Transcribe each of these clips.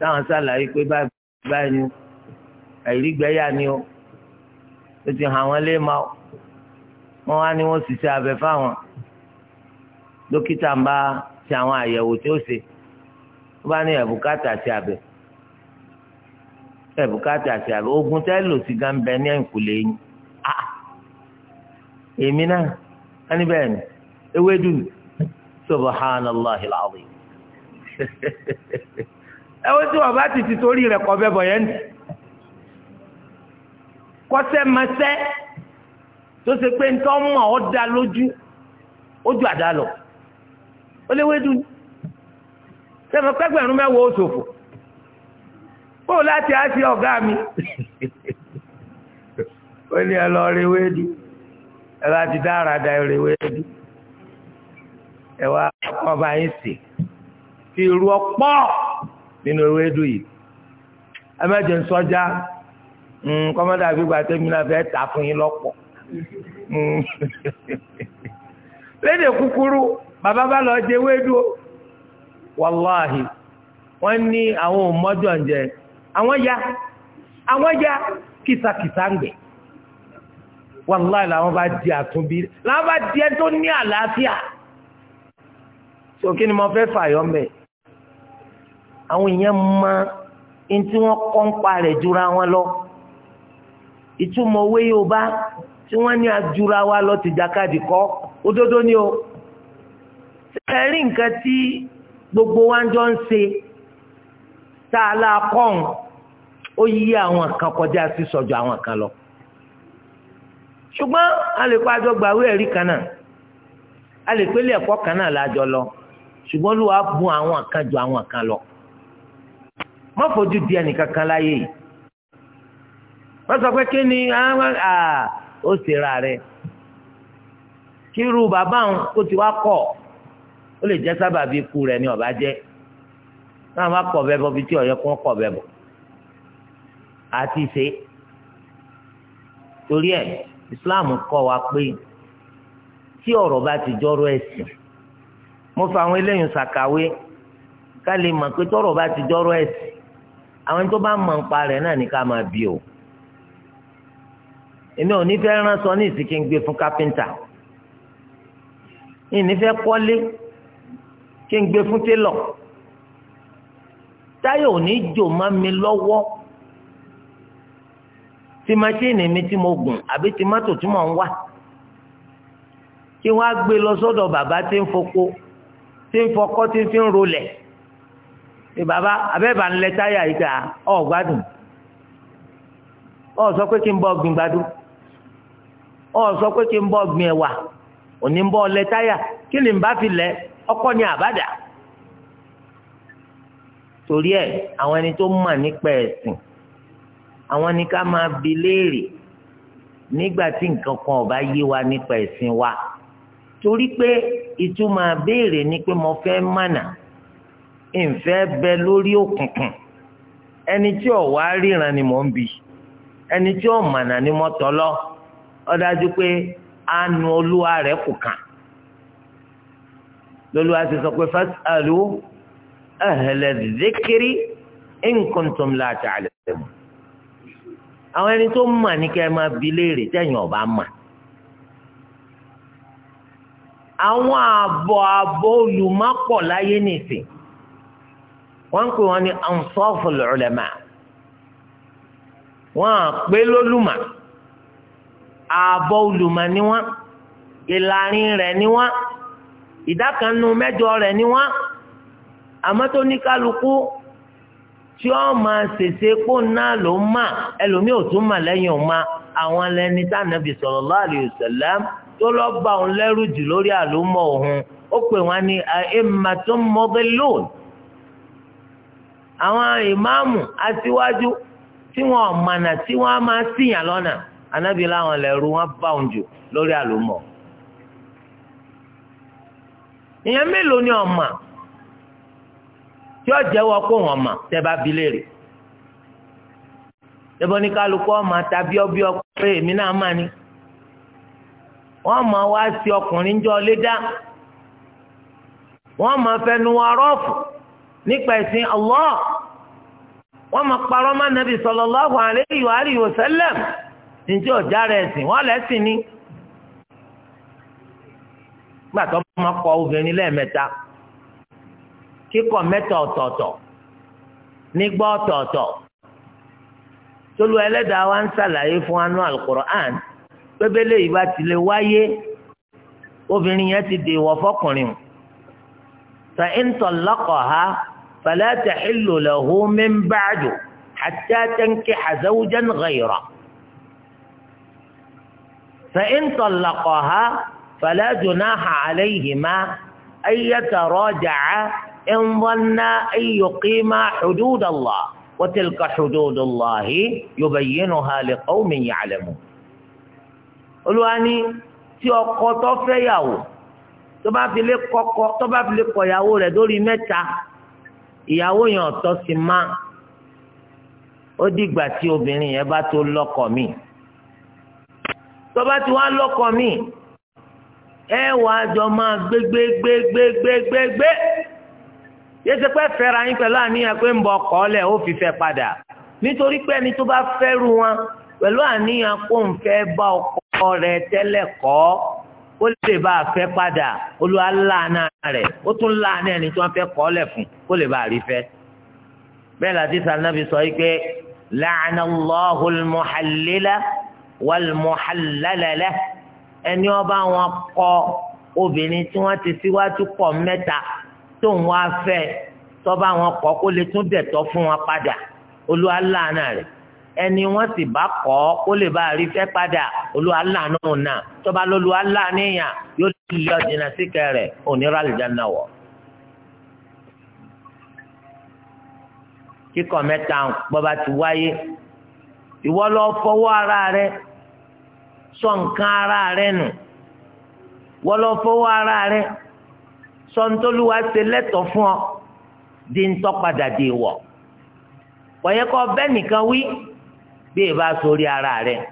táwọn sàlàyé pé báyìí ni àìrígbẹ́yà ni ó ó ti hàn wọ́n lé máa wọ́n wá ní wọ́n ṣiṣẹ́ abẹ fáwọn dókítà ń bá ṣe àwọn àyẹ̀wò tí ó ṣe ó bá ní ẹ̀bùkátà àti abẹ ẹ̀bùkátà àti abẹ oògùn tẹ́ lò sí gan bẹ ní ẹ̀ǹkùlé yín ah! èmi náà ẹni bẹ́ẹ̀ ni ewédú subhanallahil azim. ẹ wọ́n tí wọ́n bá ti ti torí rẹ̀ kọ́ bẹ́ẹ̀ bọ̀ yẹn nì kọ́sẹ́mọsẹ́ tó ṣe pé ntọ́ mọ̀ ọ́ da lójú ó ju àdá lọ ó léwé dùn sẹ́mi pẹ́gbẹ̀rún mẹ́wàá ó ṣòfò ó láti á sí ọ̀gá mi ó ní ẹ lọ rí wéèdù ẹ bá ti dára da rí wéèdù ẹ wá ọba yín sè fi ru ọpọ́ nínú ewédú yìí ẹ má jẹ nsọjá hmm, kọ́mọ́dà àgbégbà tẹ́mi náà fẹ́ tà fún yín lọ́pọ̀ hmm. lédè kúkúrú bàbá bá lọ jẹ ewédú wàláhì wọ́n ní àwọn òmọ́jọ́ ń jẹ àwọn ya àwọn ya kìsàkìsà ń gbẹ wàláì làwọn bá di àtúnbí làwọn bá di ẹ tó ní àlàáfíà sókè ni mo fẹ́ fàyọ́ mẹ́ àwọn èèyàn mọ ẹni tí wọ́n kọ́ ń jura wọn lọ ìtumọ̀ owó yorùbá tí wọ́n ní ajura wa lọ ti jàkadì kọ́ òdodo ni o ẹ̀rí nǹkan tí gbogbo wa ń jọ ń ṣe tá a la kọ́ọ̀n ó yí àwọn kan kọjá sí sọ̀jọ̀ àwọn kan lọ ṣùgbọ́n a lè kó àjọ gbàwé ẹ̀rí kan náà a lè pélé ẹ̀kọ́ kan náà lájọ lọ ṣùgbọ́n ló wàá bu àwọn kan ju àwọn kan lọ má fojú di ẹnìkankan láyé yìí wọ́n sọ pé kí ni ó ṣèrà rẹ̀ kí irú bàbá òun kó ti wá kọ̀ ó lè jẹ́ sábàbí ikú rẹ̀ ni ọ̀bá jẹ́ náà má kọ̀ bẹ́ẹ̀ bọ́ bí tí ọ̀yọ́ kún kọ̀ bẹ́ẹ̀ bọ̀ àti ṣe torí ẹ̀ Islam kọ́ wa pé tí ọ̀rọ̀ bá ti jọ́rọ̀ ẹ̀sìn mo fa àwọn eléyìí ṣàkàwé ká lè mọ̀ pé tọ́rọ̀ bá ti jọ́rọ̀ ẹ̀sìn àwọn tó bá mọ̀ ń pa rẹ̀ náà ní ká máa bí o èmi ò ní fẹ́ rán sọ ní ìsìnkí ń gbé fún kápẹ́ńtà ìní fẹ́ kọ́lé kí n gbé fún télọ̀ táyà ò ní jò má mi lọ́wọ́ tí machine mi tí mo gùn àbí tí mọ́tò tí mò ń wà kí wọ́n á gbé lọ sọ́dọ̀ bàbá tí ń foko tí ń fọkọ́ tí ń fi ń rolẹ̀ pé bàbá abẹ́bà ń lẹ táyà yìí kà ọ̀ gbádùn ọ̀ sọ pé kí n bọ́ gbìn gbádùn ọ̀ sọ pé kí n bọ́ gbìn ẹ̀wà òní ń bọ́ ọ táyà kí ni n bá fi lẹ ọkọ ni àbádà torí ẹ àwọn ẹni tó mọ̀ nípa ẹ̀sìn àwọn ni ká máa bi léèrè nígbà tí nǹkan kan ò yé wa nípa ẹ̀sìn wa torí pé ìtumọ̀ àbéèrè ni pé mo fẹ́ mọ̀nà ìfẹ́ bẹ lórí òkùnkùn ẹni tí ò wá ríran ni mò ń bi ẹni tí ni mo ó dájú pé anu olúwa rẹ kù kàn sọ pé fas'alu ahla dhikri in kuntum la ta'lamun àwọn ẹni tó mà ní kẹ́ máa bi léèrè ọba mà àwọn àbọ̀ àbọ̀ olùmọ̀pọ̀ láyé nìsín wọ́n pè wọ́n ní ansaful ulama wọ́n à pé lólùmọ̀ ni wọn ìlàrin rẹ̀ ni wọn ìdákanu mẹjọ rẹ̀ ni wọn àmọ́ tó tí ó máa ṣèṣe náà ló ẹlòmíì ò tún àwọn lẹni tá ànábì sallallahu alayhi wa tó lọ bá òun àwọn ìmáàmù aṣíwájú tí wọn mọ̀nà tí wọ́n máa ṣìyàn lọ́nà anábì láwọn lẹ́rú wọn bá òun jù lórí àlùmọ̀. ìyẹn mélòó ni ọ̀mà tí ó jẹ́wọ́ kó wọn mà tẹ́ bá bi léèrè. ṣébọn ní kálukú ọmọ ta bíọ́bíọ́ pé èmi náà mà ní. wọ́n mọ̀ wá sí ọkùnrin jọ lé dá. wọ́n mọ̀ fẹnu wa rọ́ọ̀fù nípa ẹ̀sìn Allah wọ́n máa parọ́ má nàbì sallallahu alayhi wa alihi wa sallam níjẹ́ ọ̀já rẹ̀ ẹ̀sìn wọ́n lẹ́sìn ni. gbàtọ́ máa kọ obìnrin lẹ́ẹ̀mẹ́ta kíkọ mẹ́ta ọ̀tọ̀ọ̀tọ̀ nígbà ọ̀tọ̀ọ̀tọ̀ tolu ẹlẹ́dàá wa ń ṣàlàyé fún anú alukur'an pébélé yìí bá ti wáyé obìnrin yẹn ti dèwọ̀ fọkùnrin fa in tallaqaha. فلا تحل له من بعد حتى تنكح زوجا غيره فإن طلقها فلا جناح عليهما أن يتراجعا إن ظنا أن يقيما حدود الله وتلك حدود الله يبينها لقوم يعلمون olùwàní tí ọkọ tó fẹ́yàwó tó bá fi lè kọ́kọ́ ياو bá متى ìyàwó yẹn ọ̀tọ́ sí má ó dìgbà tí obìnrin yẹn bá tó lọ́kọ mi tó bá ti wá lọ́kọ mi ẹ wàá jọ máa gbégbégbégbégbégbé yéésì pé fẹ́ra yín pẹ̀lú àníyàn pé ń bọ̀ ọkọ̀ ọ̀lẹ̀ ó fi fẹ́ padà nítorí pé ẹni tó bá fẹ́rù wọn pẹ̀lú àníyàn kó ń fẹ́ bá ọkọ rẹ̀ tẹ́lẹ̀ kọ́ ó lè bá a fẹ́ padà olúwa láàánà rẹ̀ ó tún láàánà ẹni tí wọ́n fẹ́ kọ́ lẹ̀ fún kó lè bá a rí fẹ́. bẹ́ẹ̀ láti sànàbí sọ yìí pé láàánà lọ́hùn mọ̀hálẹ́lá wàlmọ̀hálẹ́lẹ́lẹ́ ẹni ọba wọn kọ obìnrin tí wọ́n ti síwájú pọ̀ mẹ́ta tó ń wá fẹ́ tọ́ba wọn kọ́ kó lè tún dẹ̀tọ́ fún wọn padà olúwa láàánà rẹ̀ ẹni wọ́n sì bá kọ́ ó lè bá rí fẹ́ padà olúwa láàánú náà tó bá lọ́lúwa láàníyàn yóò lọ jìnnà síkẹ́ rẹ̀ onírà àlùjánnà wọ̀. kíkọ̀ mẹ́ta bọ́ba ti wáyé ìwọ lọ fọwọ́ ara rẹ sọ nǹkan ara rẹ nù wọ́n lọ fọwọ́ ara rẹ sọ ntọ́lúwa ṣe lẹ́tọ̀ọ́ fún ọ di ntọ́ padà di wọ̀ wọ́n yẹ kọ́ bẹ́ẹ̀ nìkan wí. bí ìbá sórí ara rẹ̀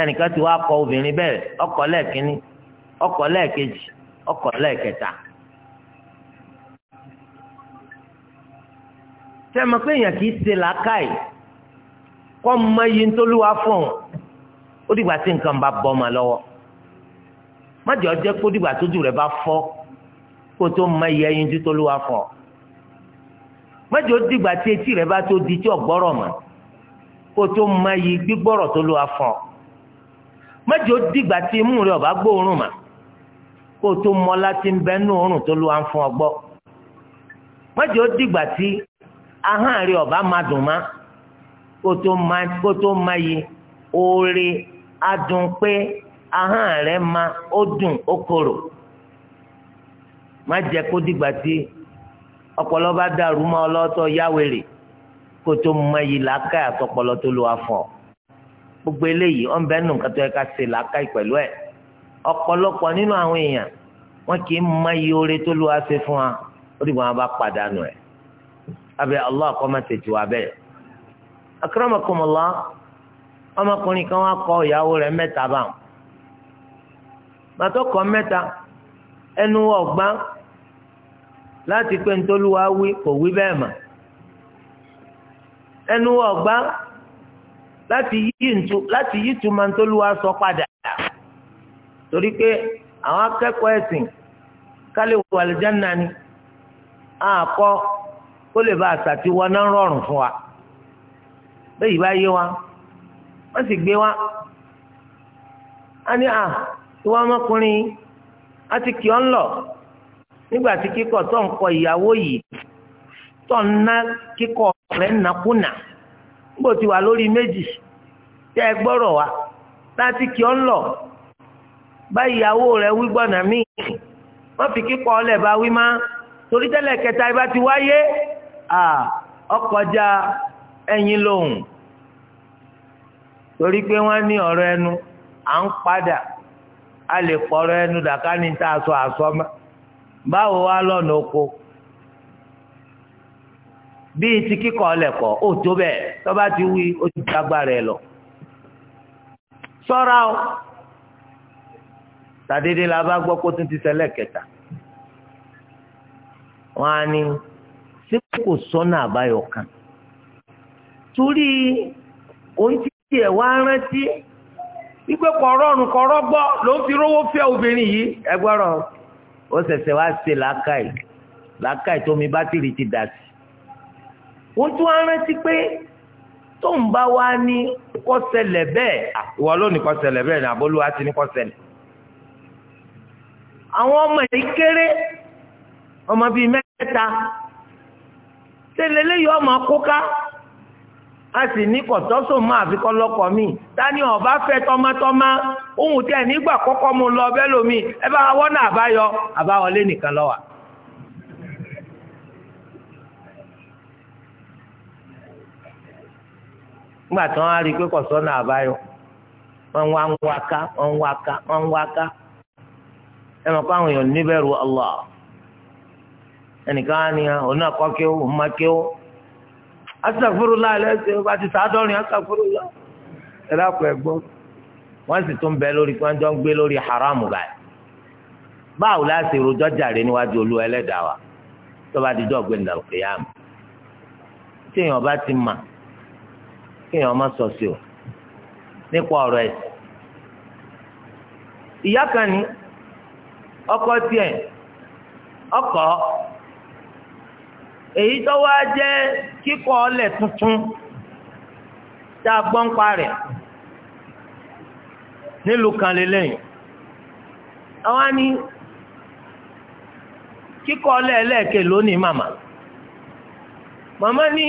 ẹnìkan ti wá kọ obìnrin bẹ́ẹ̀ ọkọ lẹ́ẹ̀kínní ọkọ lẹẹkejì ọkọ lẹ́ẹ̀kẹta. sẹ́mi pé èèyàn kì í ṣe làákàyè kọ́ mọ iye ntolúwa fún un ó dìgbà tí nǹkan bá bọ́ ọmọ lọ́wọ́ májọ jẹ́ kó dìgbà tójú rẹ bá fọ́ kó tó mọ iye ẹyin títolúwa fún ọ májọ dìgbà tí etí rẹ bá tó di tí ọ̀gbọ́rọ̀ mọ́. kó tó máa yí gbígbọ́rọ̀ tó lọ́wọ́ fún ọ mẹ́jọ dìgbà tí imú rẹ ọba gbóòórùn mà kó tó mọ láti ń bẹ nú òórùn tó lọ́wọ́ fún ọ gbọ́ mẹ́jọ dìgbà tí ahọ́n rẹ ọba máa dùn má kó tó máa yí oore adùn pé ahọ́n rẹ máa ó dùn ó korò má jẹ́ kó dìgbà tí ọpọlọ bá dàrú mọ́ ọlọ́tọ̀ yáwèrè kó tó mọyì làákà àtọpọlọ tó lò wá fún ọ gbogbo eléyìí ọ̀n bẹ́ẹ̀ nù kátó ẹ̀ka ṣe làákà pẹ̀lú ẹ̀ ọ̀pọ̀lọpọ̀ nínú àwọn èèyàn wọn kì í mọyì oore tó lò wá ṣe fún wa ó dìbò wọn bá pàdánù ẹ̀ abẹ́ Allah kọ́ máa tètè wá bẹ́ẹ̀ akramakumullah ọmọkùnrin kan wá kọ ìyàwó rẹ̀ mẹ́ta báwọn màtọ́ kọ́ mẹ́ta ẹnu ọ̀gbá láti pé ntọ́lúwa wí kò wí bẹ́ẹ̀ mà. ẹnu ọgbà láti yí ìtumọ̀ tó lù wá sọ padà torí pé àwọn akẹ́kọ̀ọ́ ẹ̀sìn kálí wàlìjánà ni àkọ́ kó lè bá àṣàtì wọn náà rọrùn fún wa bẹ́ẹ̀ yìí bá yé wa wọ́n sì gbé wa a ní à ìwọ ọmọkùnrin a ti kì ọ́ lọ nígbà tí kíkọ̀ tó ń kọ ìyàwó yìí tó ń ná rẹ̀ nàkúnà níbo ti wà lórí méjì tẹ́ ẹ gbọ́rọ̀ wa láti kí ọ́ ń lọ báyìí ìyàwó rẹ̀ wí gbọ́nà wọ́n fi kíkọ́ ọ lẹ̀ bá wí má torí tẹ́lẹ̀ kẹta ibà ti wáyé ọkọjá ẹyin lòun torí pé wọ́n ní ọ̀rọ̀ ẹnu à ń padà a lè pọ̀rọ̀ ẹnu dàkánì tá a sọ báwo wá lọ́nà oko. bíi ti kíkọ́ ọlẹ́kọ̀ ó tó bẹ́ẹ̀ tó ti wí ó ti agbára ẹ lọ. sọ́ra o tàdédé la bá gbọ́ kó tún ti ṣẹlẹ̀ kẹta wọ́n á ní ṣé kò sọ́nà àbáyọ kan torí òun ti tiẹ̀ wá rántí wípé kọ̀rọ̀ọ̀nù kọ̀rọ̀gbọ́ ló ń fi rówó fẹ́ obìnrin yìí ẹgbọ́rọ̀ ó ṣẹ̀ṣẹ̀ wá ṣe làákàyè làákàyè tómi bátìrì ti dà sí wọ́n tún á rántí pé tó ń bá wá ní kọ́sẹ̀lẹ̀ bẹ́ẹ̀ ìwọ ló kọ́sẹ̀lẹ̀ bẹ́ẹ̀ ní abolúwa ti ní àwọn ọmọ yìí kéré ọmọ bíi mẹ́ta tẹ́lẹ̀lẹ́ ọmọ a sì ní kọ̀tọ́sọ mi ọba fẹ́ ohun tí ẹ̀ lọ bẹ́ẹ̀ lómi ẹ bá wọ́n náà àbáwọlé nìkan nígbà tí wọ́n á rí i pé kò sọ́nà àbáyọ wọ́n wá ń wá ká wọ́n wá ká wọ́n wá ká ẹ mọ̀ pé àwọn èèyàn níbẹ̀rù Allah ẹnìkan á ní òun náà kọ́ kí ó òun máa kí ó astaghfirullah lẹ́sẹ̀ bá ti sàádọ́rin astaghfirullah ẹ dákun ẹ gbọ́ wọ́n sì tún bẹ lórí pé wọ́n jọ ń gbé lórí haramu báyìí báwo la ṣe rojọ́ jàre níwájú olú ẹlẹ́dàá wa tó bá dijọ́ gbé nílò kéyàmù tí èèyàn bá ti mà kéèyàn má sọ sí o nípa ọ̀rọ̀ ẹ̀sìn ìyá kan ní ọkọ tiẹ̀ ọkọ èyí tó wá jẹ́ kíkọ́ ọlẹ̀ tuntun tá a gbọ́n pa rẹ̀ nílùú kan lélẹ́yìn àwọn á ní kíkọ́ ọlẹ̀ ẹlẹ́ẹ̀kẹ́ lónìí màmá màmá ní.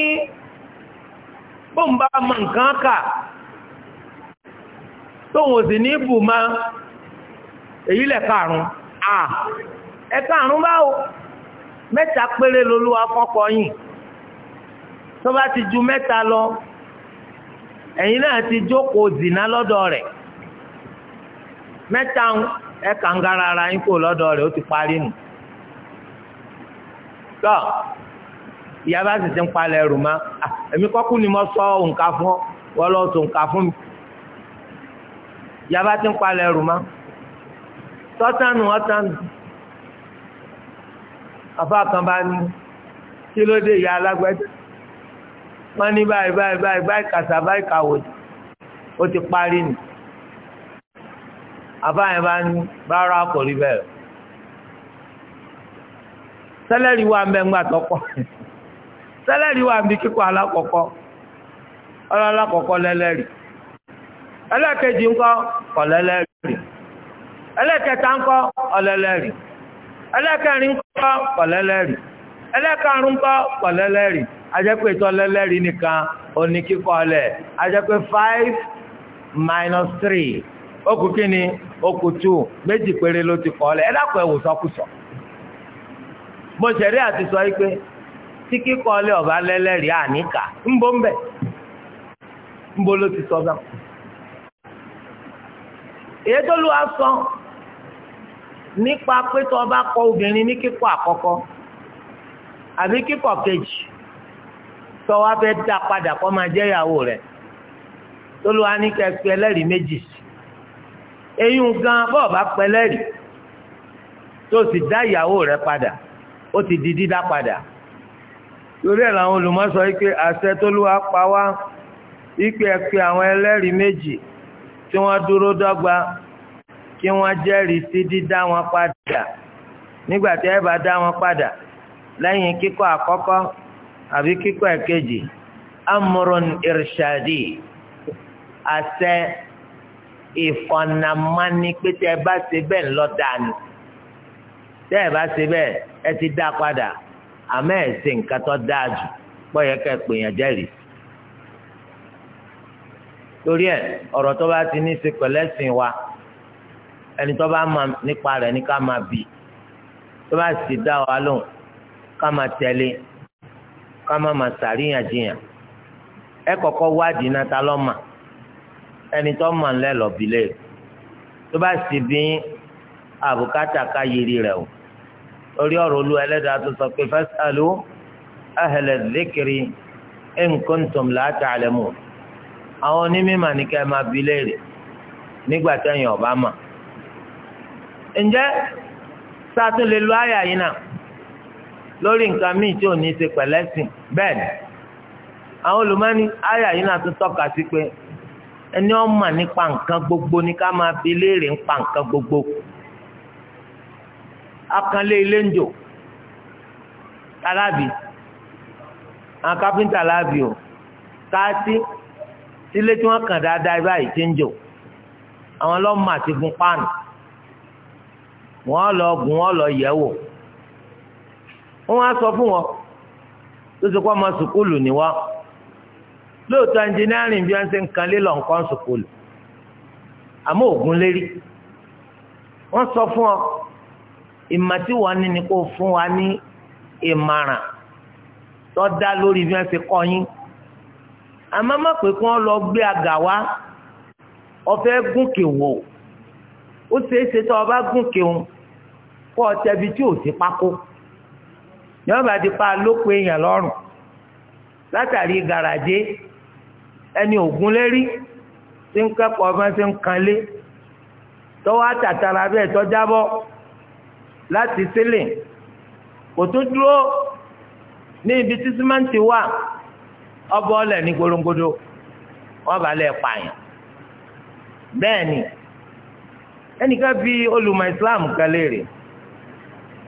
bó ń bá mọ nǹkan kà tóun ò sì ní bù ma èyí lẹ̀ karùn-ún à ẹ karùn-ún báwo mẹ́ta péré lolúwa kọ́kọ́ yìí tó bá ti ju mẹ́ta lọ ẹ̀yin náà ti jókòó zìnà lọ́dọ̀ rẹ̀ mẹ́ta ẹ kàǹgàrà ara yín kò lọ́dọ̀ rẹ̀ ó ti parí nù ìyá bá sì ti ń palẹ̀ ẹrù ma èmi kọ́kú ni mo sọ òǹkà fún ọ wọ́n lọ sọ òǹkà fún mi ìyá bá ti ń palẹ̀ ẹrù ma tọ́tánù ọ̀tánù àfa kan bá ní kí ló dé ìyá alágbẹ́dẹ́ wọ́n ní báyìí báyìí báyìí báyìí kàṣà báyìí kàwò ó ti parí nì àfa yẹn bá ní rárá kò bẹ́ẹ̀ sẹ́lẹ̀rì wà mẹ́ngbà tó pọ̀ sẹ́lẹ̀rì wà níbi kíkọ́ alákọ̀ọ́kọ́ ọ̀rọ̀ alákọ̀ọ́kọ́ lẹ́lẹ́rì ẹlẹ́kẹ̀jì ńkọ́ ọ̀lẹ́lẹ́rì ẹlẹ́kẹta ńkọ́ ọ̀lẹ́lẹ́rì ẹlẹ́kẹrin ńkọ́ ọ̀lẹ́lẹ́rì ẹlẹ́karùn ńkọ́ ọ̀lẹ́lẹ́rì ajẹ́pẹ́ ìtọ́ lẹ́lẹ́rì nìkan òní kíkọ́ ọ̀lẹ́ ajẹ́pẹ́ five minus three two méjì péré ló ti tí kíkọ́ ilé ọba lẹ́lẹ́rìí àníkà ń bọ́ ń bẹ̀ ń bọ́ ló ti sọ bá. èyí tó lù wá sọ nípa pé tó ọba kọ obìnrin ní kíkọ́ àkọ́kọ́ àbí kíkọ́ kejì tó wá fẹ́ dá padà kó máa jẹ́ ìyàwó rẹ̀ tó lù wá ní kẹ́kẹ́ ẹlẹ́rìí méjì sí èyí gan bọ́ọ̀bá pẹlẹ́rìí tó sì dá ìyàwó rẹ̀ padà ó ti di dídá padà torí ẹ̀ làwọn olùmọ̀sọ yìí pé àṣẹ t'Olúwa pa wá ìpè ẹ̀pẹ́ àwọn ẹlẹ́rìí méjì tí wọ́n dúró dọ́gba kí wọ́n jẹ́rìí sí dídá wọn padà nígbà tí ẹ bá dá wọn padà lẹ́yìn kíkọ́ àkọ́kọ́ àbí kíkọ́ ẹ̀kejì amúrún irṣadì àṣẹ ìfọ̀nàmánì pé tẹ́ ẹ bá ṣe bẹ́ẹ̀ ńlọ dànù tẹ́ ẹ bá ṣe bẹ́ẹ̀ ẹ ti dá padà àmọ́ ẹ̀ ṣe nǹkan tó dáa jù pọ̀ yẹ ká pè yàn jẹ́rìí. torí ẹ̀ ọ̀rọ̀ tó bá ti ní í ṣe pẹ̀lẹ́sìn wa ẹni tó bá mọ̀ nípa rẹ̀ ní ká máa bì tó bá sì dá wa lóhùn ká máa tẹ̀lé ká máa máa ṣàríyànjiyàn ẹ kọ́kọ́ wádìí náà ta ló mọ̀ ẹni tó mọ̀ ńlẹ́ lọ́bìlẹ̀ tó bá sì bí àbùkátà ká yiri rẹ̀ o. orí ọ̀rọ̀ olú ẹlẹ́dàá tó sọ pé fasalu ahla dhikri in kuntum la ta'lamun àwọn onímọ̀ ní ká ẹ máa bi léèrè nígbà tẹ̀yìn ọ̀bá mà. ǹjẹ́ sátún lè lo àyà yìí náà lórí nǹkan míì tí ò ní ṣe pẹ̀lẹ́sìn bẹ́ẹ̀ ni àwọn olùmọ́ni àyà yìí náà tún pé ẹni gbogbo ní ká bi léèrè nípa nǹkan gbogbo. akanlé ilé ń jò alábì àwọn kápẹ́ńtà alábì o káàtì sílé tí wọ́n kàn dáadáa báyìí ti ń jò àwọn ọlọ́mọ àti gun páànù wọ́n lọ gùn wọ́n lọ yẹ̀ wò wọ́n á sọ fún wọn tó ti kọ́ ọmọ sùkúlù ni wọ́n lóòótọ́ ẹnjìnírìn bí wọ́n ṣe ń kan lílọ̀ nǹkan sùkúlù àmọ́ ògùn lérí wọ́n sọ fún ọ ìmọ̀ tí wọ́n ni kó fún wa ní ìmọ̀ràn tó dá lórí bí wọ́n ṣe kọ́ yín àmọ́ má pé kí wọ́n lọ gbé àgà wá ọ̀fẹ́ gúnkè wò ó ṣeé ṣe tó o bá gúnkè o kó o tẹbi tí ò sí pákó yọ̀ọ́bà ti pa lóko èèyàn lọ́rùn látàrí gàràjé ẹni ògún lérí tí ń kẹ́kọ̀ọ́ bá ṣe ń kanlé tọ́wọ́ àtàtàrà bẹ́ẹ̀ tọ́jábọ́ láti sílìn kò tún dúró ní ibi tí símáǹtì wà ọbọ ọlẹ ní gbólóńgbòdó wọn bá lẹ pààyàn bẹ́ẹ̀ ni ẹnìkan bí olùmọ̀ islam kan léèrè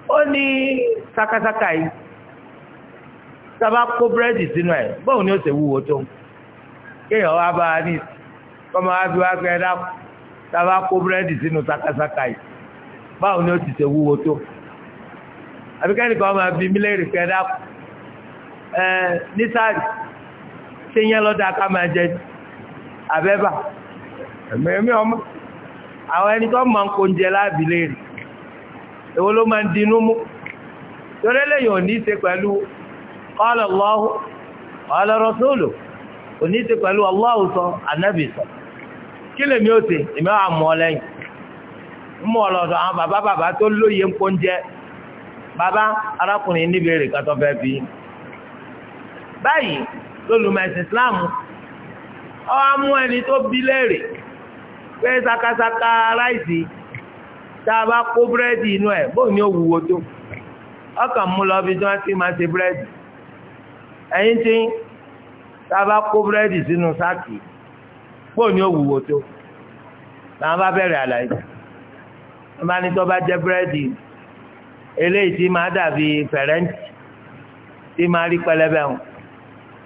ó ní sakasaka yìí sábà kó búrẹ́dì sínú ẹ̀ bóun ni ó ṣe wúwo tó kéèyàn wá bá a ní kọ́mọ wá fi wá fẹ́ dá sábà kó búrẹ́dì sínú sakasaka yìí báwo ni ó ti ṣe wúwo tó àbíkẹ́ni kan máa bí mílíọ̀nù fẹ́ dákú ẹ nísàlì ṣé yẹn lọ́dọ̀ aká máa jẹ abẹ́bà ẹ̀mí ọmọ àwọn ẹni tó máa ń kó oúnjẹ láàbí léèrè èwo ló máa ń dinú mú torí lẹ́yìn òní ṣe pẹ̀lú òní ṣe pẹ̀lú sọ kí mú ọ lọ́dọ̀ àwọn bàbá bàbá tó lóye ń pọ́njẹ́ bàbá arákùnrin níbèrè kan fẹ́ fi. báyìí lólùmọ̀ Islam ọ mú ẹni tó bí léèrè pé sakasaka ráìsì tá a bá kó búrẹ́dì inú ẹ̀ bóun ni ó wúwo tó ọkàn mú lọ bí tí wọ́n ti máa ṣe búrẹ́dì ẹ̀yìn tí tá a bá kó búrẹ́dì sínú sáàkì bóun ni ó wúwo tó làwọn bá bẹ̀rẹ̀ àlàyé. máa ní tó bá jẹ́ búrẹ́dì eléyìí tí máa dàbí fẹ̀rẹ́ǹtì tí máa rí pẹlẹbẹ ń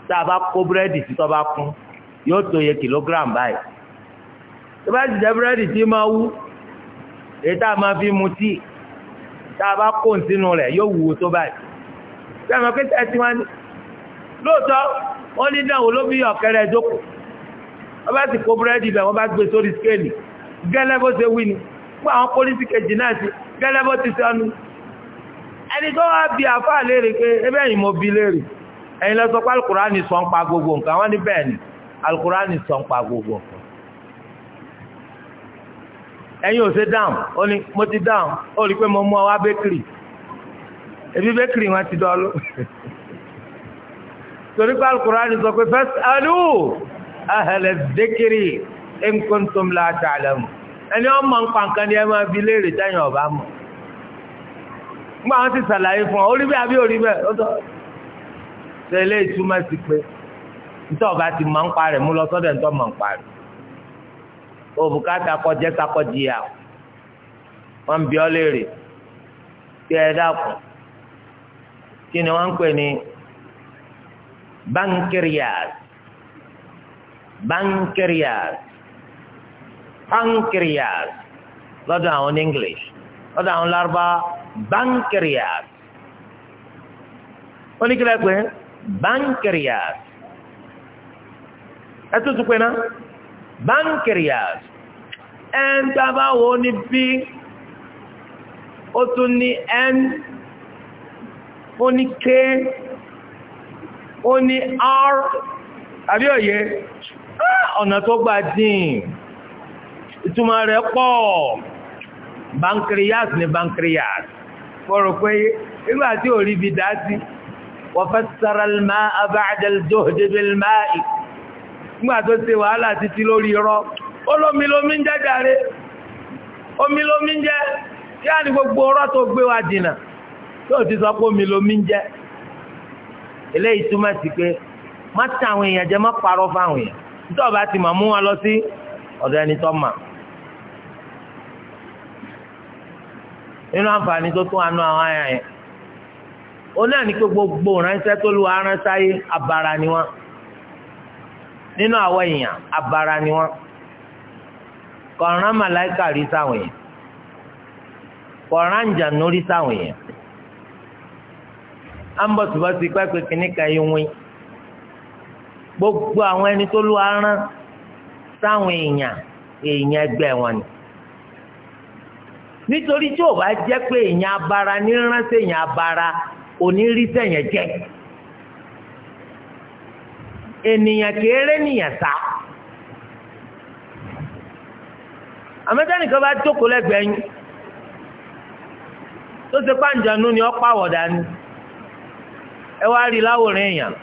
tá a bá kó búrẹ́dì tí tó bá kún yóò tó yẹ kìlógíráàmù báyìí tó bá jẹ́ búrẹ́dì tí máa wú èyí tá a máa fi mu tíì tá a bá kó sínú rẹ̀ yóò wúwo tó báyìí sẹ́wọ̀n pé tẹ́tí wá ní lóòótọ́ wọ́n ní dáhùn ló bí ọ̀kẹ́rẹ́ ẹ̀dókò wọ́n bá ti kó búrẹ́dì bẹ̀ wọ́n bá gbé sórí skéèlì gẹ́lẹ́ bó ṣe wí ni fún àwọn pólísì kejì náà sí gẹ́lẹ́ bó ti sọnù ẹni tó wá bí àfáà léèrè pé ebe ẹ̀yin mo bí léèrè ẹ̀yin lọ sọ pé alukurani sọ ń pa gbogbo nǹkan wọ́n ní bẹ́ẹ̀ ni alukurani sọ ń pa gbogbo nǹkan ẹ̀yin ò ṣe dáhùn ó ní mo ti dáhùn ó rí i pé mo mú ọ bẹ́kìrì ebi bẹ́kìrì wọn ti dọ́ọ́lú torí pé alukurani sọ pé fẹ́sẹ̀ alú ahẹlẹ̀ dẹ́kìrì ẹ̀ ń kó ń tó ń la àtàlẹ́ mu ẹni ọmọ nǹkan kan ni ẹ máa bi léèrè táyà ọba mọ̀ nígbà wọn ti ṣàlàyé fún ọ orí bẹ́ẹ̀ àbí orí bẹ́ẹ̀ ó tọ́ ṣe ilé ìtumọ̀ sí pé nítorí ọba ti máa ń parẹ̀ mú lọ sọ́dọ̀ nítorí ọmọ ń parẹ̀ òbúkátà kọjẹ́ sakọjì yà wọ́n bí ọ léèrè kí ẹ dákun kí ni wọ́n ń pè ní bankirias bankirias pancreas lọ́dọ̀ àwọn ní English lọ́dọ̀ àwọn lárúbá pancreas ó ní kílẹ̀ pé pancreas ẹ tó tún pé ná pancreas ẹ̀ ń tábà wo ní bí ó tún ní n ó ní k ó ní r àbí òye ah, ọ̀nà tó gbà dín ìtumọ̀ rẹ̀ pọ̀ bankiriyas ni bankiriyas fọ́rọ̀ pé nígbà tí ò rí bi dá sí wọ́fẹ́sára má abájẹ́lẹ́jọ́ òjèbèlè tó ṣe wàhálà títí lórí lómi ń jẹ́ jàre omi lómi ń jẹ́ kí ní gbogbo tó gbé wa dìnà tó ti sọ pé omi lómi ń jẹ́ eléyìí túmọ̀ sí pé má ta àwọn èèyàn má parọ́ fáwọn èèyàn ọba ti mú lọ sí ọ̀dọ̀ ẹni nínú àǹfààní tó tún àánú àwọn àyà yẹn ó náà ní pé gbogbo ìránṣẹ́ tó lu aránṣáyé abara ni wọ́n nínú àwọn èèyàn abara ni wọ́n kọ̀ọ̀rán màláìkà rí sáwọn yẹn kọ̀ọ̀rán ìjànú rí sáwọn yẹn á ń bọ̀ tìbọ̀ sí pẹ́pẹ́ kìnnìkà yìí wín gbogbo àwọn ẹni tó lu arán sáwọn èèyàn èèyàn ẹgbẹ́ wọn ni. nítorí tí ò bá jẹ́ pé èèyàn abara ní èèyàn abara oníríṣẹ́ yẹn jẹ́ ènìyàn kéré nìyẹn sá àmọ́tẹ́nìkan bá jókòó lẹ́gbẹ̀ẹ́ yín tó ṣe pàǹjánú ni ọ́ pàwọ̀dà ni ẹ wá rí láwòrán èèyàn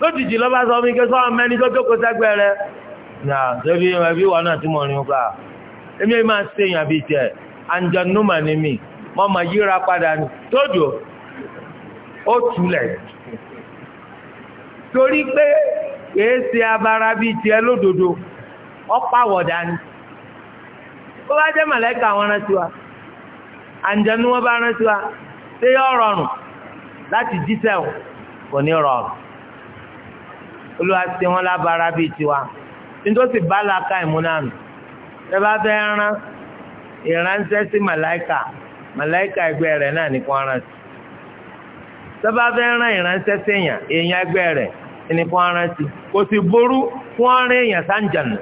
lójijì lọ́ba sọ mi kí sọ́ọ́ mẹ́ni tó jókòó sẹ́gbẹ̀ẹ́ rẹ̀ náà èmi ẹ̀ máa ṣe èèyàn bíi tiẹ̀ àǹjọ̀nù mà mi mo mà yíra padà ní tójò ó tulẹ̀ torí pé kìí ṣe abara bíi tiẹ̀ lódodo ọ̀páwọ̀dà ni ó bá jẹ́ mọ̀lẹ́kà àwọn rántí wa àǹjọ̀nù wọn bá rántí wa ṣé yọ rọrùn láti jíṣẹ́ o kò ní rọrùn olùwàsí wọn lábara bíi tiwa nítorí bá la ka tẹ́lá fẹ́ rán ìránṣẹ́ sí màláìkà màláìkà ẹgbẹ́ rẹ̀ náà ní kó ránṣẹ́ tẹ́lá fẹ́ rán ìránṣẹ́ sí èèyàn èèyàn ẹgbẹ́ rẹ̀ ní kó ránṣẹ́ kò sì ború kó rán èèyàn sáǹjànù.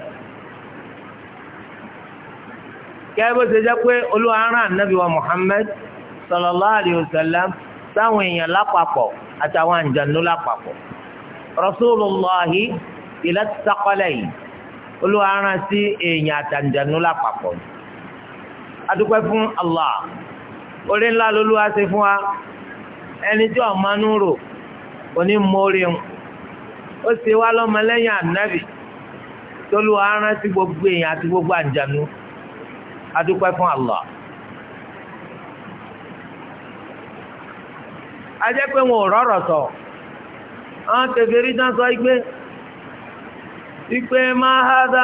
kẹ́ bó ṣe jẹ́ pé olúwa rán ànábì wa Muhammad sallallahu alayhi wa sallam sáwọn èèyàn lápapọ̀ àtàwọn àǹjànù lápapọ̀ rasulullahi ila thaqalayn yìí. olúwa rán sí èèyàn àtàǹdànù lápapọ̀ adúpẹ́ fún Allah orí ńlá lolúwa ṣe fún wa ẹni tí ọ̀ma ń rò òní mórí ó ṣe wá lọ́mọlẹ́yìn ànábì tolúwa rán sí gbogbo èèyàn gbogbo àǹdànù adúpẹ́ fún Allah. wípé máa hádá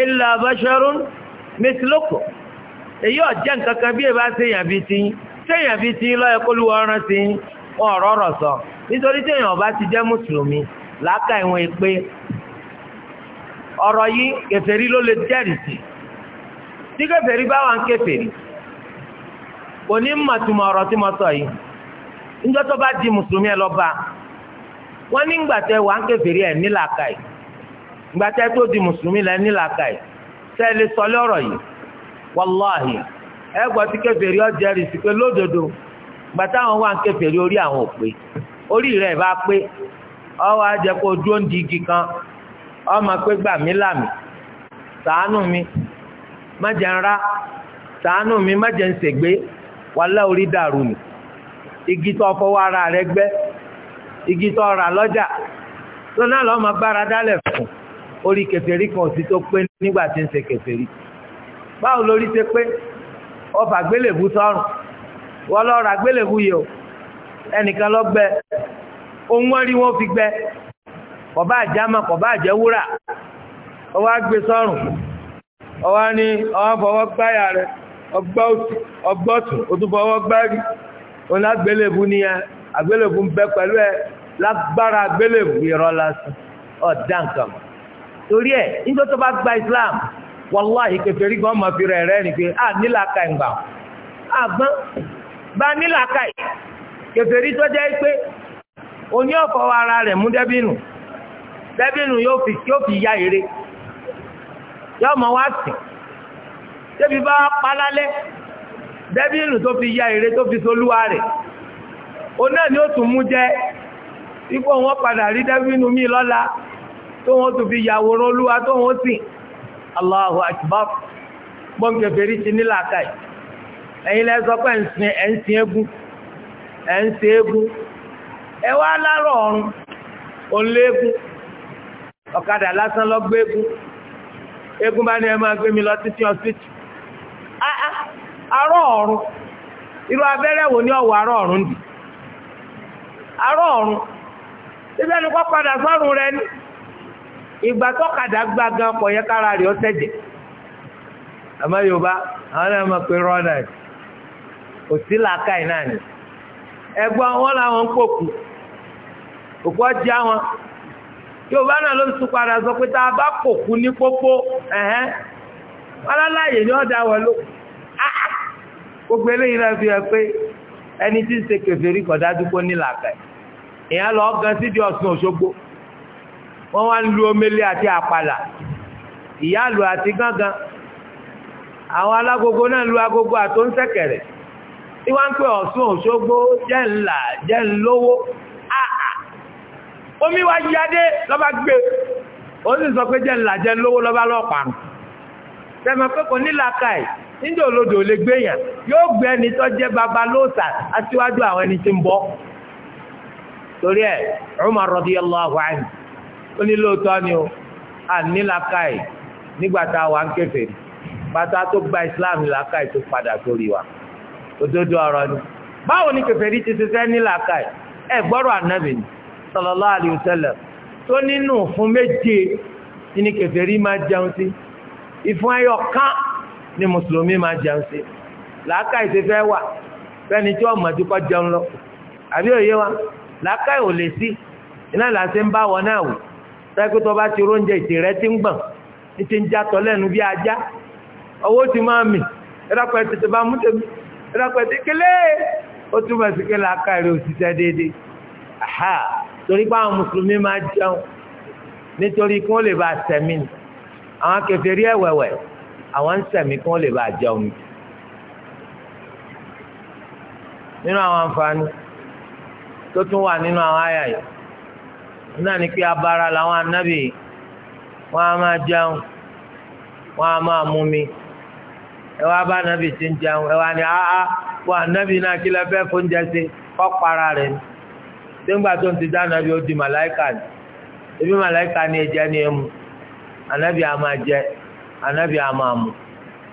ilẹ̀ àbáṣọ́rún mẹ́tìlọ́pọ̀ èyí ọ̀jẹ́ nǹkankan bí ẹbá sẹ́yìn àbí ti sẹ́yìn àbí ti lọ́yẹ kó lúwọ́ ọ̀rán sí ọ̀rọ̀ ọ̀rọ̀ sọ nítorí sẹ́yìn ọba ti jẹ́ mùsùlùmí làákà ìwọ̀n ìpé ọ̀rọ̀ yìí kèfèrí ló lè jẹ́rìsì tí kèfèrí bá wà ń kèfèrí kò ní màtúmọ̀ ọ̀rọ̀ tí mo sọ yìí níjọ́ tó bá di mùsùlùmí ẹ lọ́ba wọ́n nígbà tẹ wà ń kèfèrí ẹ̀ nílàákà yìí gbàtẹ́ tó di mùsùlùmí lẹ ní làákàyè yìí wàláhì ẹ gbọ́ tí kèfèrí ó sí pé lódodo gbàtẹ́ àwọn wà ń orí àwọn òpè orí rẹ̀ bá pé kó dúró ń igi kan ọmọ pé gbà mí làmì mi má jẹ́ ń mi má jẹ́ ń dàrú igi tó ara igi tó rà lọ́jà orí kèfèrí kan sí tó pé nígbà tí ń ṣe kèfèrí báwo lórí ṣe pé ọfà gbélébù sọ́rùn wọ́n lọ ra gbélébù yìí o ẹnìkan lọ gbẹ ohun wọn rí wọn fi gbẹ kọba àjámà kọba àjẹwúrà ọwọ́ àgbè sọ́rùn ọwọ́ ni ọwọ́ fọwọ́ gbáyà rẹ ọgbọ́tún òtúfọwọ́ gbárí òun lágbélébù nìyẹn àgbélébù ń bẹ pẹ̀lú ẹ lágbára àgbélébù irọ́ lásán ọ̀dá nǹkan mọ́. torí ẹ̀ níjọ́ tó bá gba Islam wàláhì kèfèrí gan máa fi rẹ̀ rẹ́ ni pé a nílà ka ìgbà àgbọn bá nílà ka ì kèfèrí tó jẹ́ pé oní ọ̀fọ̀ ara rẹ̀ mú dẹ́bìnù dẹ́bìnù yóò fi ya ère yóò mọ wá sí débi bá palálẹ́ dẹ́bìnù tó fi ya ère tó fi solúwa rẹ̀ òun náà ni ó tún mú jẹ́ ipò wọn padà rí dẹ́bìnù mi lọ́la tó wọ́n tó fi yàwòrán olúwa tó wọ́n sì Allahu Akbar gbọ́nkẹfẹ̀rí ti nílàkà yìí ẹ̀yin lẹ́ sọ pé ẹ̀ ń sin lárọ̀ ọ̀run olóògùn ọ̀kadà lásán lọ bá ní lọ títí ah, ah, arọ́ ọ̀run irú abẹ́rẹ́ wo ni arọ́ ọ̀run dì arọ́ ìgbà tọ́kadà gbá gan kò yẹ kára rẹ̀ ó tẹ̀jẹ̀ àmọ́ yorùbá àwọn náà mọ̀ pé rọ́ọ̀nà kò sí làákàyè náà ni ẹ̀gbọ́n wọn làwọn ń pòkù òkú ọjà wọn yorùbá náà ló ń tún padà sọ pé tá a bá pòkù ní pópó ẹ̀hẹ́n ọlọ́láyè ni ọ̀dà wọn ló gbogbo eléyìí náà fi hàn pé ẹni tí ń ṣe kẹfẹ́ rí kọ̀dájú kó ní làákàyè ìyẹn lọ gan sídìí Ọ̀ṣun Òṣogbo. wọ́n wá ń lu omele àti àpàlà ìyáàlù àti gángan àwọn alágogo náà agogo àtó ń sẹ́kẹ̀rẹ̀ tí wọ́n ń pè ọ̀sún òṣogbo jẹ́ ńlá jẹ́ ńlówó omi wá yadé lọba gbé ó sì sọ pé jẹ́ ńlá jẹ́ ńlówó lọ́ba lọ́pàá ó ní lóòótọ́ ni o àní làákàyè nígbà tá a wà ń kèfèrí bàtà tó gba islam làákàyè tó padà sórí wa òdodo ọ̀rọ̀ ni báwo ni kèfèrí ti ṣiṣẹ́ ní làákàyè ẹ gbọ́rọ̀ ànábì ni sallallahu alaihi wasallam tó nínú fún méje ni kèfèrí máa jẹun sí ìfún ẹyọ kan ni mùsùlùmí máa jẹun sí làákàyè ti fẹ́ wà fẹ́ni tí wọ́n mọ̀tí kọ́ jẹun lọ àbí òye wa làákàyè ò lè sí iná làá ń bá wọn náà wò sẹ́kù tó bá ti róúnjẹ ìtìrẹ́ ti ń gbọ̀n ní ti ń jatọ̀ lẹ́nu bí ajá owó ti máa mì ẹ̀dàpẹ́ tètè bá mú tèmi ẹ̀dàpẹ́ ti kélé ó túmọ̀ sí kélé akáàrí òṣìṣẹ́ déédéé aha torí pé àwọn mùsùlùmí máa jẹun nítorí kí wọ́n lè bá sẹ̀mí ni àwọn kèfèrí ẹ̀wẹ̀wẹ̀ àwọn ń sẹ̀mí kí wọ́n lè bá jẹun ni nínú àwọn àǹfààní tó tún wà nínú àwọn àyà yìí náà ni pé abara làwọn anábì wọn a máa jẹun wọn a máa mú mi ẹ wá bá anábì ti ń jẹun ẹ wá ní áá wọn anábì náà kí lè fẹ́ fóúnjẹ sí kọ́ para rẹ̀ ni sẹ́ńgbà tó ń ti dá anábì ó di màláìkà ni ebi màláìkà ni ẹ̀jẹ̀ ni ẹ̀ mu anábì a máa jẹ anábì a máa mu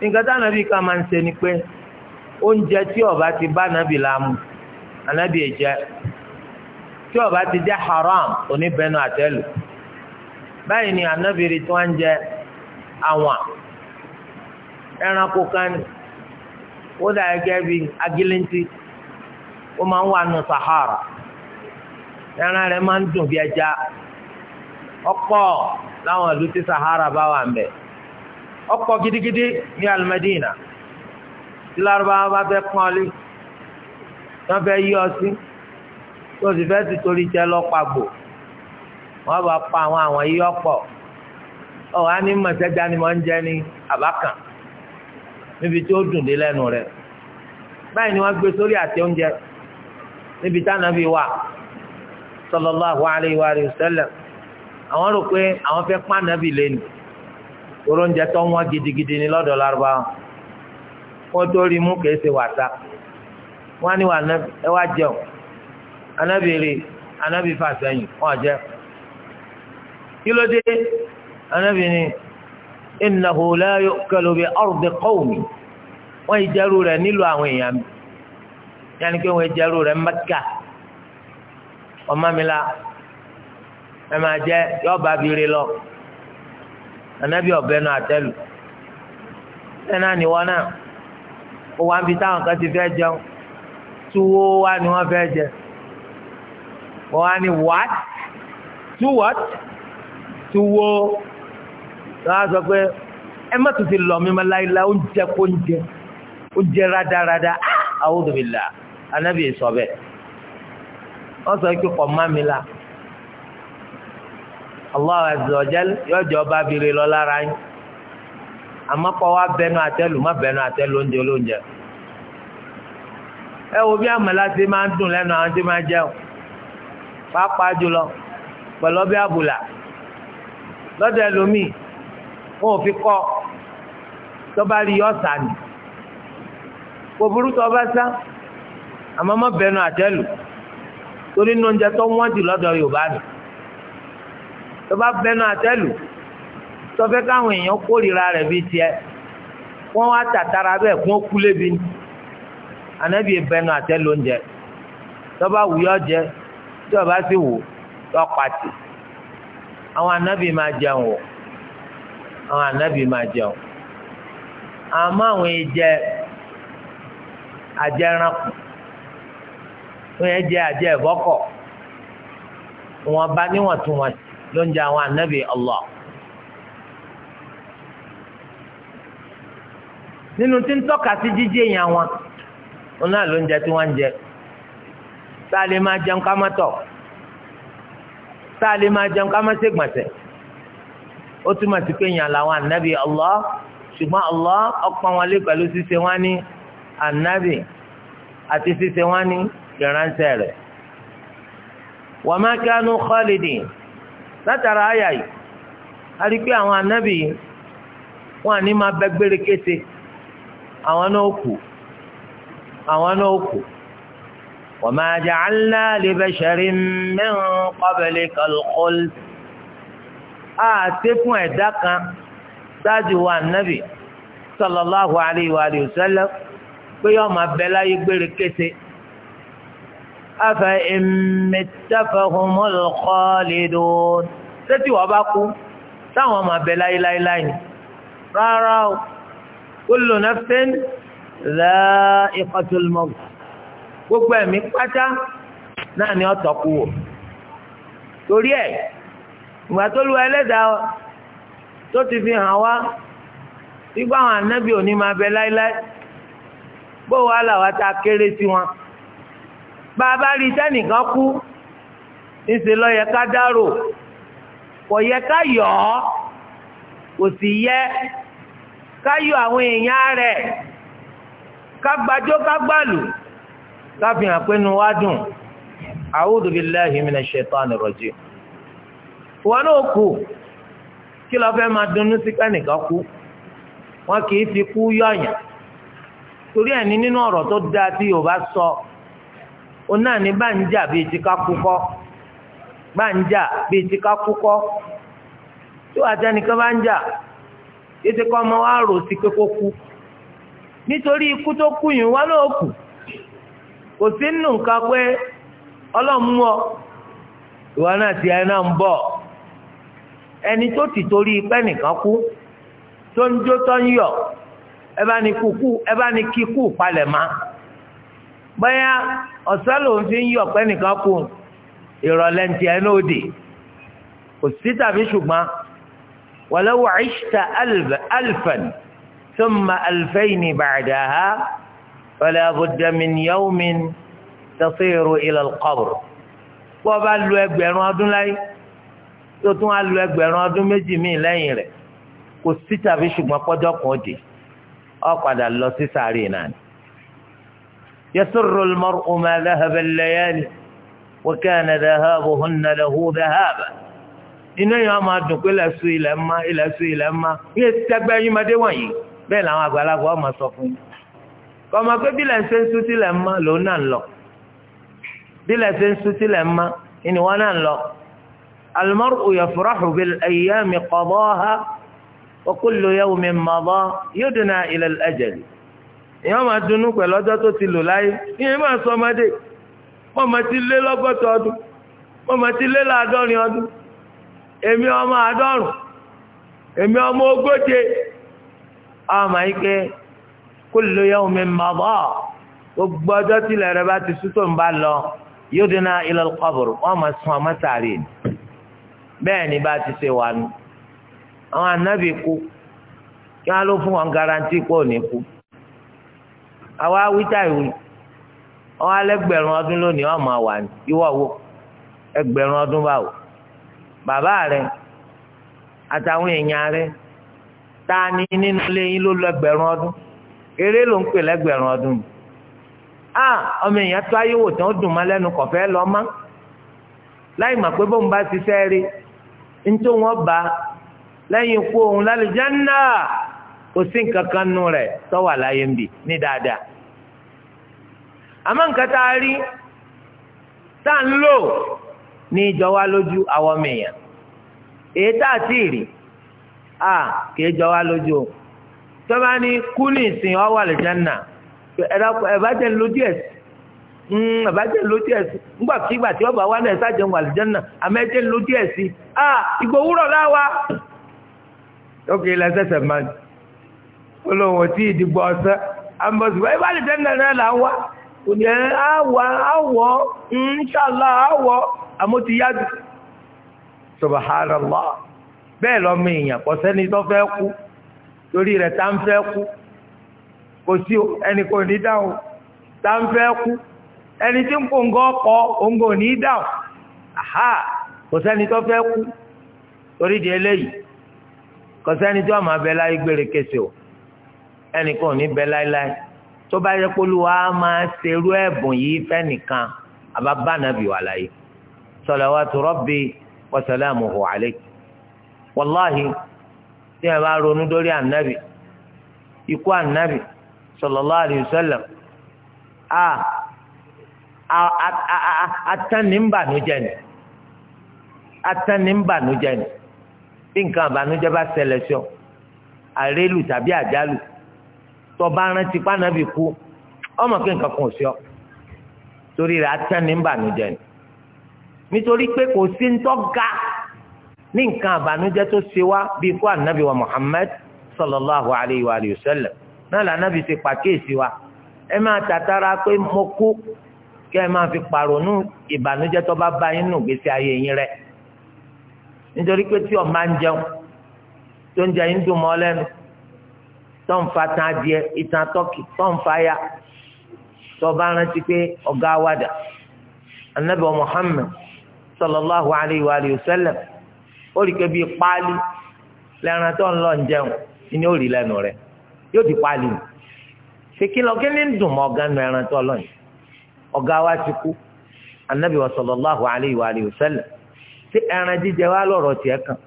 nǹkan tá anábì ká máa ń ṣe ni pé oúnjẹ tí ọba ti bá anábì la mu anábì ẹ̀jẹ̀. tí ó bá ti jẹ́ haram oníbẹnu àtẹ́lù báyìí ni anábìrì tí wọ́n ń jẹ àwọn ẹranko kan ó dà gẹ́gẹ́ bí agilinti ó máa ń wà nù sahara ẹran rẹ máa ń dùn bí ẹja ọpọ láwọn ìlú tí sahara bá wà ń ọpọ gidigidi ní alimẹdínà tí lárúbáwá bá fẹ́ pọ́nlé wọ́n fẹ́ yí ọ sí. tó sì fẹ́ ti torí jẹ lọ́pàgbò wọ́n bá pa àwọn àwọn yíyọ́ pọ̀ ọ̀ á ní mọ̀sẹ́já ni mo ń jẹ ní àbákan níbi tí ó dùn dé lẹ́nu rẹ̀ báyìí ni wọ́n gbé sórí àti oúnjẹ níbi táwọn bí wà sallallahu alaihi wa sallam àwọn rò pé àwọn fẹ́ pa nàbì lẹ́nu oróúnjẹ tó wọ́n gidigidi ní lọ́dọ̀ lárúbáwá wọ́n tó rí mú kèé ṣe wàtá wọ́n á ní wà nàbì ẹ wá jẹun anábìrì anábìfà sẹ́yìn wọ́n jẹ́ kí ló dé anábìrì innahu la yu'kalu bi ardi qawmi wọ́n yìí jẹ́rú rẹ̀ nílùú àwọn èèyàn mi yàní pé wọ́n yìí jẹ́rú rẹ̀ Mẹ́kà ọmọ mi la ẹ máa jẹ yọ bá biri lọ anábì ọ̀bẹ náà àtẹ́lù ẹ náà níwọ́ náà táwọn kan ti fẹ́ jẹun túwó wá ni wọ́n fẹ́ jẹun wọ́n á ní what to what to wo wọ́n á sọ pé ẹ má tún ti lọ mi máa láìláì oúnjẹ kó oúnjẹ oúnjẹ rádaràda ah! a'udhu billah anábìyẹ sọ bẹ́ẹ̀ wọ́n sọ pé kọ̀ má mi la Allah azza wa jal yọjọ ọba abiri lọ lára yín àmọ́ kọ́ wa bẹnu àtẹ́lù má bẹnu àtẹ́lù oúnjẹ olóúnjẹ ẹ wo bí àmàlà ti máa ń dùn lẹ́nu àwọn tí máa jẹun pàápàá jùlọ pẹ̀lú ọbẹ̀ àbùlà lọ́dọ̀ ẹlòmíì wọn ò fi kọ́ tó bá rí ọ̀sà nì kò burú tó bá sá àmọ́ mọ́ bẹnu àtẹ́lù torí inú oúnjẹ tó wọ́n jù lọ́dọ̀ Yorùbá nù tó bá bẹnu àtẹ́lù tó fẹ́ káwọn èèyàn kórìíra rẹ̀ bíi tiẹ̀ wọ́n wá tàtàrà bẹ́ẹ̀ kún ókú lébi ànábìyẹ bẹnu àtẹ́lù oúnjẹ tó bá jẹ́ tí ọba sì wò yọ pàtì àwọn anábì máa jẹun o àwọn anábì máa jẹun àmọ́ àwọn ìjẹ àjẹranku wọn yẹn jẹ àjẹ ìbọkọ wọn bá níwọ̀ntúnwọ̀nsì ló ń jẹ àwọn anábì Allah. nínú tí ń tọ́ka sí jíjẹ yẹn wọn náà ló ń jẹ tí wọ́n ń jẹ tá a lè máa jẹun ká má tọ̀ tá a lè máa jẹun ká má ṣègbọ̀nsẹ̀ ó túmọ̀ sí pé èèyàn làwọn ànábì Allah ṣùgbọ́n Allah ọ̀pọ̀ wọn lé pẹ̀lú ṣíṣe wọn ní ànábì àti ṣíṣe wọn ní ìránṣẹ́ rẹ̀ wa ma kanu khalidin látara àyà yìí a rí pé àwọn ànábì wọn àní máa bẹ gbére kété àwọn náà kù àwọn náà kù. وما جعلنا لبشر من قبلك الخلد آتكم إدكا تاجوا النبي صلى الله عليه وآله وسلم بيوم أبلا يقبل كسي أفإن مت فهم الخالدون tẹ́tí wọ́n bá kú táwọn ọmọ abẹ láéláéláé ni rárá o kullu gbogbo ẹ̀mí pátá náà ni ọ̀tọ̀ kú wò torí ẹ̀ ìgbà tó lu ẹlẹ́dàá tó ti fi hàn wá nígbà àwọn anábì òní máa bẹ láéláé bó wàá làwọn ta kéré sí wọn bá a bá rí sẹ́nìkan kú ńṣe ló yẹ ká dárò kò yẹ ká yọ̀ ọ́ kò sì yẹ ká yọ àwọn èèyàn rẹ̀ ká gbàjọ́ ká gbàlù. káfíń àpẹnu wá dùn a'udhu billahi minash shaitani rajim Ụwa náà kù kí lọ fẹ́ máa dunnú sí kánìkan kú wọn kì í fi kú torí ẹ̀ ní nínú ọ̀rọ̀ tó dáa tí bá sọ ọ náà ní bá ń jà bíi ti ká kú kọ́ bá ń jà bíi ti ká tí wàá tẹ́ nìkan nítorí ikú tó kú yìí kò sí nù nǹkan pé ọlọ́mú ìwà náà ti ẹ̀ ń bọ̀ ẹni tó ti torí pé nìkan kú tó ń jó tó ń yọ̀ ẹ bá ní kúkú ẹ bá ní kíkú palẹ̀ má bóyá ọ̀sán lòun fi ń yọ̀ pé nìkan kú ìrọ̀lẹ́ ti ẹ̀ náà dì kò sí tàbí ṣùgbọ́n فلا بد من يوم تصير الى القبر وبا لو اغبرن ادن لاي تو تون لو اغبرن ادن ميجي مي لين ري كو سي تابي شغان پوجو كون دي او قادا لو سي ساري ناني يسر المرء ما ذهب الليالي وكان ذهابهن له ذهابا ان يوم ما دون كلا سو ما الى سو ما يتغبن ما دي وان بين لا اغبالا كو ما سو kọ́mọ pé bílẹ̀ ń ṣe ń sún sílẹ̀ ń mọ́ lòun náà ń lọ bílẹ̀ ṣe ń sún sílẹ̀ ń mọ́ ìní wọn náà ń lọ. المرء يفرح بالأيام قضاها وكل يوم مضى يدنى إلى الأجل èèyàn máa dunnú pẹ̀lú ọjọ́ tó ti lò láyé ìyẹn máa sọ ọmọdé wọ́n ti lé lọ́gọ́ta ọdún wọ́n ti lé láàdọ́rin ọdún èmi ọmọ àádọ́rùn èmi ọmọ ogóje ọmọ yìí pé kullu yawmin madha gbogbo ọjọ́ tí ilẹ̀ rẹ bá ti sùn tó ń bá lọ yudna ila al-qabr wọ́n máa sun ọmọ sàárè ni bẹ́ẹ̀ ni bá ti ṣe wà nù àwọn anábì kú kí wọ́n ló fún wọn garanti pé ò ní kú àwa wíta ìwé wọn alẹ́gbẹ̀rún ọdún lónìí wọ́n máa wà ní ìwọ wo ẹgbẹ̀rún ọdún báwo bàbá rẹ àtàwọn èèyàn rẹ ta ni nínú ilé yín ló lọ ẹgbẹ̀rún ọdún. eré ló ń pè lẹ́gbẹ̀rún ọdún a ọmọ èèyàn tó ayéwò tán ó dùn má lẹ́nu lọ mọ́ láì mà pé bóun bá ṣiṣẹ́ rí ntó wọn bá lẹ́yìn ikú òun lálùjánnà kò sí nǹkan kan nù rẹ̀ tọ́wà láyé ń bì ní dáadáa a rí tá ń lò ní ìjọ wa lójú a rí a o. tọ́ba ní kúlì ìsìn ọwọ́ àlùjáná ẹ̀bájẹ́ lójú ẹ̀sìn àbájẹ́ hmm, lójú ẹ̀sìn ńgbàkigbà tí ọba wa náà ṣàjẹun wà àlùjáná àmẹ́jẹ́ lójú ẹ̀sìn à ìgbòwúrọ̀ láwa. ókè lẹ́sẹ̀sẹ̀ máa ń olóhùn tí ìdìbò ọ̀sẹ̀ àmọ̀sùn ẹ̀bá àlùjáná náà là ń wá òní ẹ̀ àwọ̀ àwọ̀ ńṣàlá àwọ̀ àmótiyájú subhanallah bẹ́ẹ̀ lọ́mọ èèyàn kọ́sẹ́ni tó fẹ́ kú torí rẹ̀ tá ń fẹ́ kú kò sí ẹnì kò ní dáhùn tá ń fẹ́ kú ẹni tí ń pòǹgọ́ ọkọ̀ òǹgò ní dáhùn kò sẹ́ni tó fẹ́ kú torí di eléyìí kò sẹ́ni tó àmà bẹ láyé gbére o ẹnì kò ní bẹ láéláé tó bá yẹ kó máa ẹ̀bùn yìí fẹ́nìkan wà tí ẹ bá ronú dórí ànábì ikú ànábì sallallahu alayhi a a a atánìmbànújẹ́ ni atánìmbànújẹ́ ni bí nǹkan àbànújẹ́ bá ṣẹlẹ̀ sí ọ àrélù tàbí àjálù tọba rántí pànàbì kú ọmọ kí nǹkan kan ò sí ọ torí rẹ̀ atánìmbànújẹ́ ni nítorí pé kò sí ń tọ́ ga. ní nǹkan àbànújẹ́ tó ṣe wá bí ikú ànábì wa Muhammad sallallahu alayhi wa sallam náà lànàbì ṣe pàkíyèsí wa ẹ máa tàtàrà pé mo kú kí ẹ máa fi pàrònú ìbànújẹ́ tó bá bá yín nù gbèsè ayé yín rẹ nítorí pé tí o máa ń jẹun tó ń jẹ yín dùn mọ́ lẹ́nu tó ń fa tan adìẹ ìtàn tọ́kì tó ń fa ya tó bá rántí pé ọ̀gá wàdà anabi Muhammad sallallahu alayhi wa sallam. ó rí kẹ́ bíi páálí lẹ́ran tó ń lọ jẹun ni ó rí lẹ́nu rẹ̀ yóò di páálí ni ṣèkí lọ kí ni ń ẹran tó lọ́yìn ọ̀gá wa ti kú wa alayhi wa alayhi wa sallam ẹran jíjẹ wa lọ́rọ̀ tiẹ̀ kan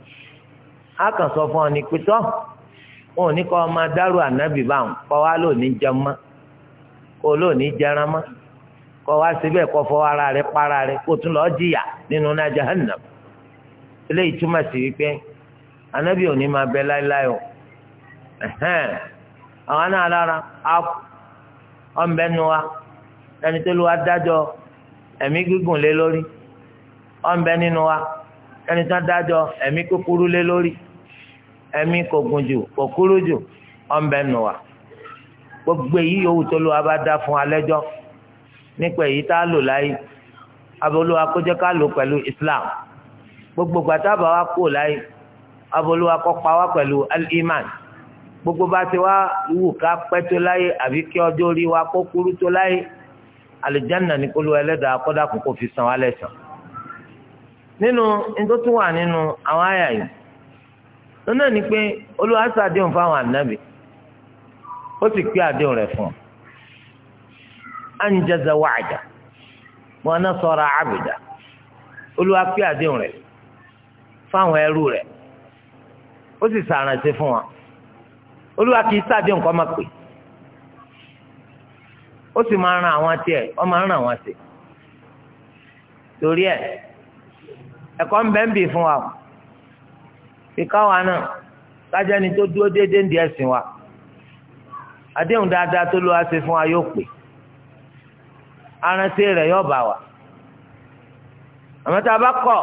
a kàn sọ fún ọ ní pétọ́ wọn ò ní kọ́ ọmọ anabi báwọn kọ́ wa jẹun mọ́ jẹran mọ́ kọ́ wa síbẹ̀ kọ́ fọ́ ara eléyìí túmọ̀ sí wípé anabiyo n'i ma máa bẹ láéláé o àwọn náà lára akú ọ̀nbẹ́nu wa ẹni tó lu adájọ́ ẹ̀mí gígùn lé lórí ọ̀nbẹ nínú wa ẹni tó dájọ́ ẹ̀mí kúkúrú lé lórí ẹ̀mí kò jù jù wa gbogbo èyí yòówù tó lu abadá fún alẹ́jọ́ nípa èyí tá a lò láyé abolúwa kó jẹ́ ká lò pẹ̀lú Islam. gbogbo gbàtàbà wa kú láyé abolúwa kó pa wá pẹ̀lú gbogbo bá ti wá wù ká pẹ́ tó láyé àbí kí ọjọ́ orí wa kó kúrú tó láyé alìjánà ní kólú ẹlẹ́dàá akọ́dà kò kò fi san wá lẹ́sàn. nínú ntótó wà nínú àwọn àyà yìí lọ́nà ni pé olúwa ṣàdéhùn fáwọn ànábì ó sì pé àdéhùn rẹ̀ fún un anjaza wa'da wa nasara abda olúwa pé àdéhùn rẹ̀ fún un. fáwọn ẹrú rẹ̀ ó sì sàrànṣe fún wọn olúwa kì í sáàdé nǹkan máa pè ó sì máa ran àwọn tiẹ̀ ọ máa ran àwọn sí torí ẹ̀ ẹ̀kọ́ ń bẹ ń bì fún wa ìka wa náà kájẹ́ni tó dúró déédéé ń di ẹ̀sìn wa àdéhùn dáadáa tó lọ́wọ́ ṣe fún wa yóò pè rẹ̀ yóò bá wa àmọ́ tá a bá kọ̀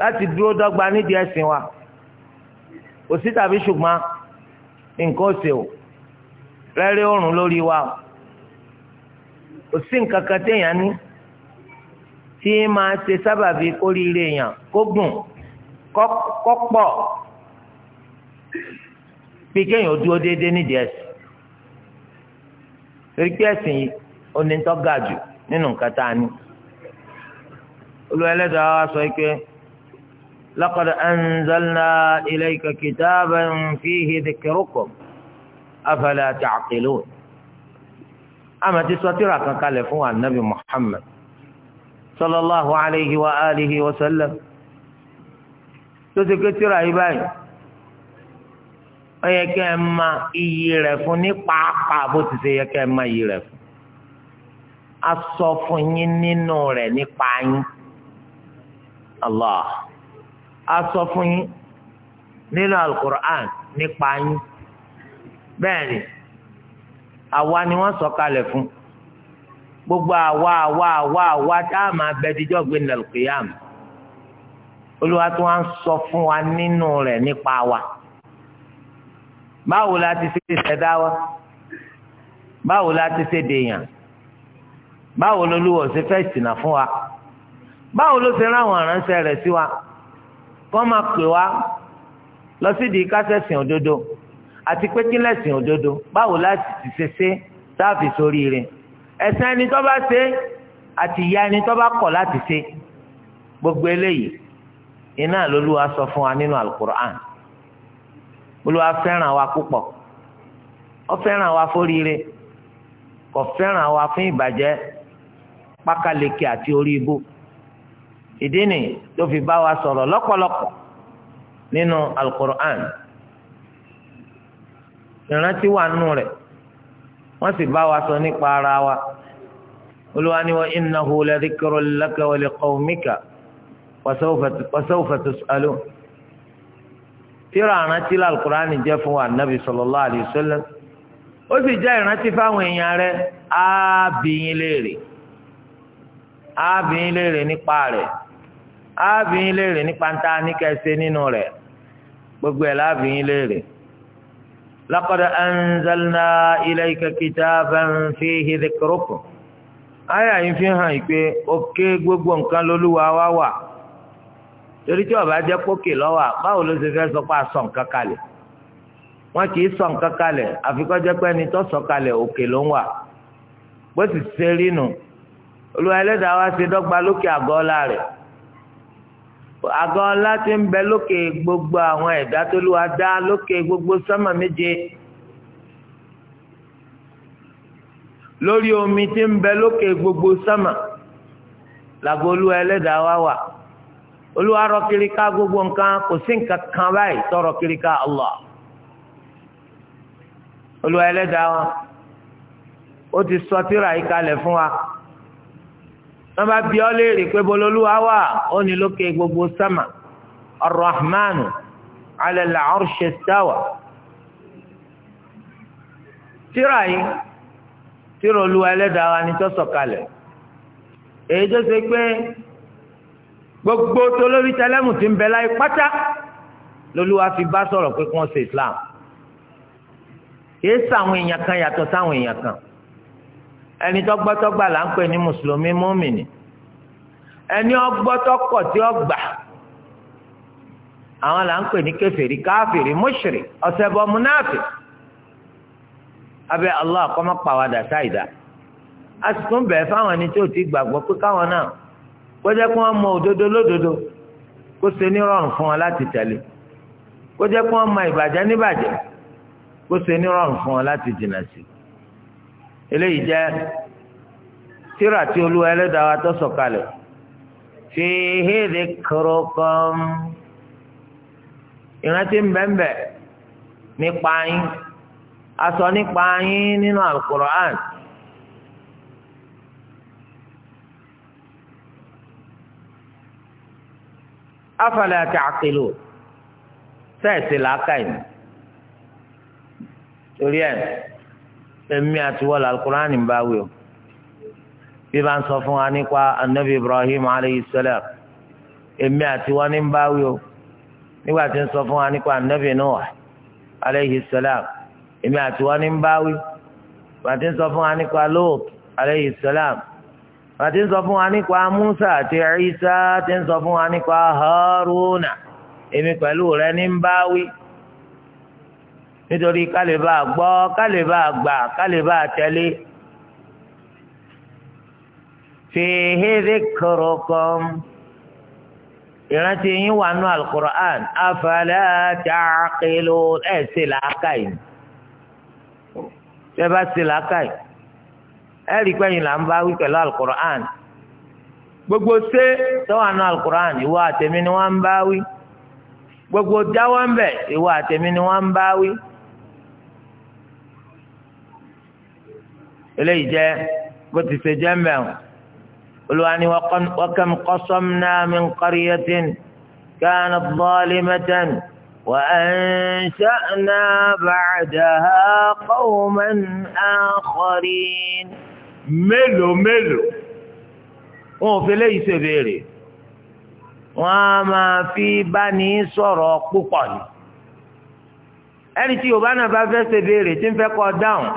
láti dúró dọ́gba nídìí ẹ̀sìn wa kò sí tàbí ṣùgbọ́n nǹkan ọ̀sẹ̀ o rẹ́rẹ́ òrùn lórí wa o kò sí nǹkan kan téèyàn ní tí máa ṣe sábàbí kóríire èèyàn kó gùn kó pọ̀ bí kéèyàn dúró déédéé nídìí ẹ̀sìn torí pé ẹ̀sìn yìí ó jù nínú nǹkan tá a ní olùwẹ́lẹ́dàá wa sọ pé. لقد أنزلنا إليك كتابا فيه ذكركم أفلا تعقلون أما تسوترا كان قال فوا النبي محمد صلى الله عليه وآله وسلم تسكترا إباي ó yẹ kẹ́ ẹ ma iyì rẹ̀ fún ní pàápàá bó ti ṣe yẹ kẹ́ ẹ ma iyì rẹ̀ fún a fún yín nínú rẹ̀ nípa yín Allah a sọ fún yín nínú alukur'an nípa yín bẹ́ẹ̀ ni àwa ni wọ́n sọ kalẹ̀ fún gbogbo àwa àwa àwa àwa tá a máa bẹ díjọ́ gbé nàlùkìyàm olúwa tí wọ́n sọ fún wa nínú rẹ̀ nípa wa báwo la ti ṣe ṣẹ̀dá wa báwo la ti ṣe dèèyàn báwo lolúwa ṣe fẹ́ ṣìnà fún wa báwo ló ṣe ráwọn aránṣẹ́ rẹ̀ sí wa kọ́ máa pè wá lọ sí di kásẹ̀sìn òdodo àti pé kí lẹ̀sìn òdodo báwo láti ti ṣe ṣe sáàfì sórí rẹ̀ ẹ̀sìn ẹni tó bá ṣe àti ìyà ẹni tó bá kọ̀ láti ṣe gbogbo eléyìí iná lolúwa sọ fún wa nínú alukur'an olúwa fẹ́ràn wa púpọ̀ ó fẹ́ràn wa fóríire kò fẹ́ràn wa fún ìbàjẹ́ pákáleke àti orí ibú ìdí ni tó fi bá wa sọ̀rọ̀ lọ́pọ̀lọpọ̀ nínú alukur'an ìrántí wà nù rẹ̀ wọ́n sì bá wa sọ nípa ara wa olúwa ni wa innahu ladhikrun laka wa liqawmika wa sawfa tus'alun tíra ìrántí alukur'an jẹ́ fún wa nabi sallallahu alayhi ó sì jẹ́ ìrántí fáwọn èèyàn rẹ̀ á bí léèrè á bí léèrè nípa rẹ̀. ábìyín léèrè nípa ntá níkẹsẹ nínú rẹ gbogbo ẹ̀ lábìyín léèrè. laqad anzalna Lakọdụ kitaban fihi dhikrukum. ayé àyín fi hàn yìí pé òkè gbogbo nǹkan lolúwa wá wà. torí tí ọba pókè lọ́wọ́ báwo ló ṣe fẹ́ sọ pé a sọ nǹkan kalẹ̀. wọ́n kì í sọ nǹkan kalẹ̀ àfikọ́ jẹ́ pé ẹni tó sọ kalẹ̀ òkè ló ń wà. bó ṣe rí àgọ́ ọlá tí ń bẹ lókè gbogbo àwọn ẹ̀dá tó lù wá dá lókè gbogbo sánmà méje lórí omi tí ń bẹ lókè gbogbo sánmà làgọ́ olú ẹlẹ́dàá wá wà olúwa rọ kiri ká gbogbo nǹkan kò sí nǹkan kan báyìí tọrọ kiri ká Allah olúwa ẹlẹ́dàá wa ó ti sọ tírà yìí kalẹ̀ fún wa wọn bá bi ọ́ léèrè pé bololúwa wà ó ní lókè gbogbo sámà arrahmanu ala al-arshi istawa tíra yìí tíra olúwa ẹlẹ́dàá wa ni tó sọ̀kalẹ̀ èyí tó ṣe pé gbogbo tolórí tẹlẹmù ti ń bẹ láyé pátá lolúwa fi bá sọ̀rọ̀ pé kí wọ́n ṣe islam kì í sàwọn èèyàn kan yàtọ̀ sáwọn èèyàn kan ẹni tọgbọtọgba là ń pè ní mùsùlùmí mùmìnì ẹni ọgbọtọkọ tí ó gbà àwọn là ń pè ní kèfèrí káfìrí mùṣírì ọ̀sẹ̀bọ múnáfì abẹ́ Allah kọ́mọ́ pàwádà sáìdá a sì tún bẹ̀ẹ́ fáwọn ẹni tí ò ti gbàgbọ́ pé káwọn náà kó jẹ́ kí wọ́n mọ òdodo lódodo kó ṣe ní rọrùn fún wọn láti tẹ̀lé kó kí wọ́n mọ ìbàjẹ́ níbàjẹ́ kó ṣe ní rọrùn fún wọn láti jìnnà sí i eléyìí jẹ́ tírà tí olúwa ẹlẹ́dàá wa tó sọ̀kalẹ̀ fi hídì kúrò kàn ìrántí mbẹ́mbẹ́ nípa yín a sọ nípa yín nínú alukur'an. afala ta'qilu sẹ́ẹ̀sì làákàyè torí ẹ̀ èmi àti wọ́n la alukur'an ń bá wí o bí bá ń sọ fún wa nípa anabi ibrahim alayhi salam èmi àti wọ́n ní ń bá wí o nígbà tí ń sọ fún wa nípa anabi noah alayhi salam èmi àti wọ́n bá wí nígbà tí ń sọ fún wa nípa lot alayhi salam nígbà tí ń sọ fún wa nípa musa àti isa tí ń sọ fún wa nípa haruna èmi pẹ̀lú rẹ ní bá wí nítorí kálíbà gbọ́ kálíbà gbà kálíbà tẹ̀lé. fèhé dhikrukum ìrántí yín wà nù alukur'an afala ta'qilun ẹ̀ ṣe làákà yìí ṣe bá ṣe làákà yìí ẹ̀ rí pẹ́yìn là ń bá wí pẹ̀lú alukur'an gbogbo ṣe tó nù alukur'an ìwọ àtẹ̀mí ni wọ́n ń bá wí gbogbo dáwọ́ ń bẹ̀ ìwọ àtẹ̀mí ni wọ́n ń bá wí. eléyìí jẹ́ bó ti ṣe jẹ́ mẹ́wọ̀n olùwà ni wọ́kẹ́mi kọ́sọ́m náà mi ń kọ́rí yẹtìn kánà bọ́ọ̀lì mẹ́tẹ́n وأنشأنا بعدها قوما آخرين mélòó mélòó wọn ò fi léyìí ṣèbéèrè wọn a máa fi báni sọ̀rọ̀ púpọ̀ ni ẹni tí yorùbá náà bá fẹ́ ṣèbéèrè tí ń fẹ́ kọ́ dáhùn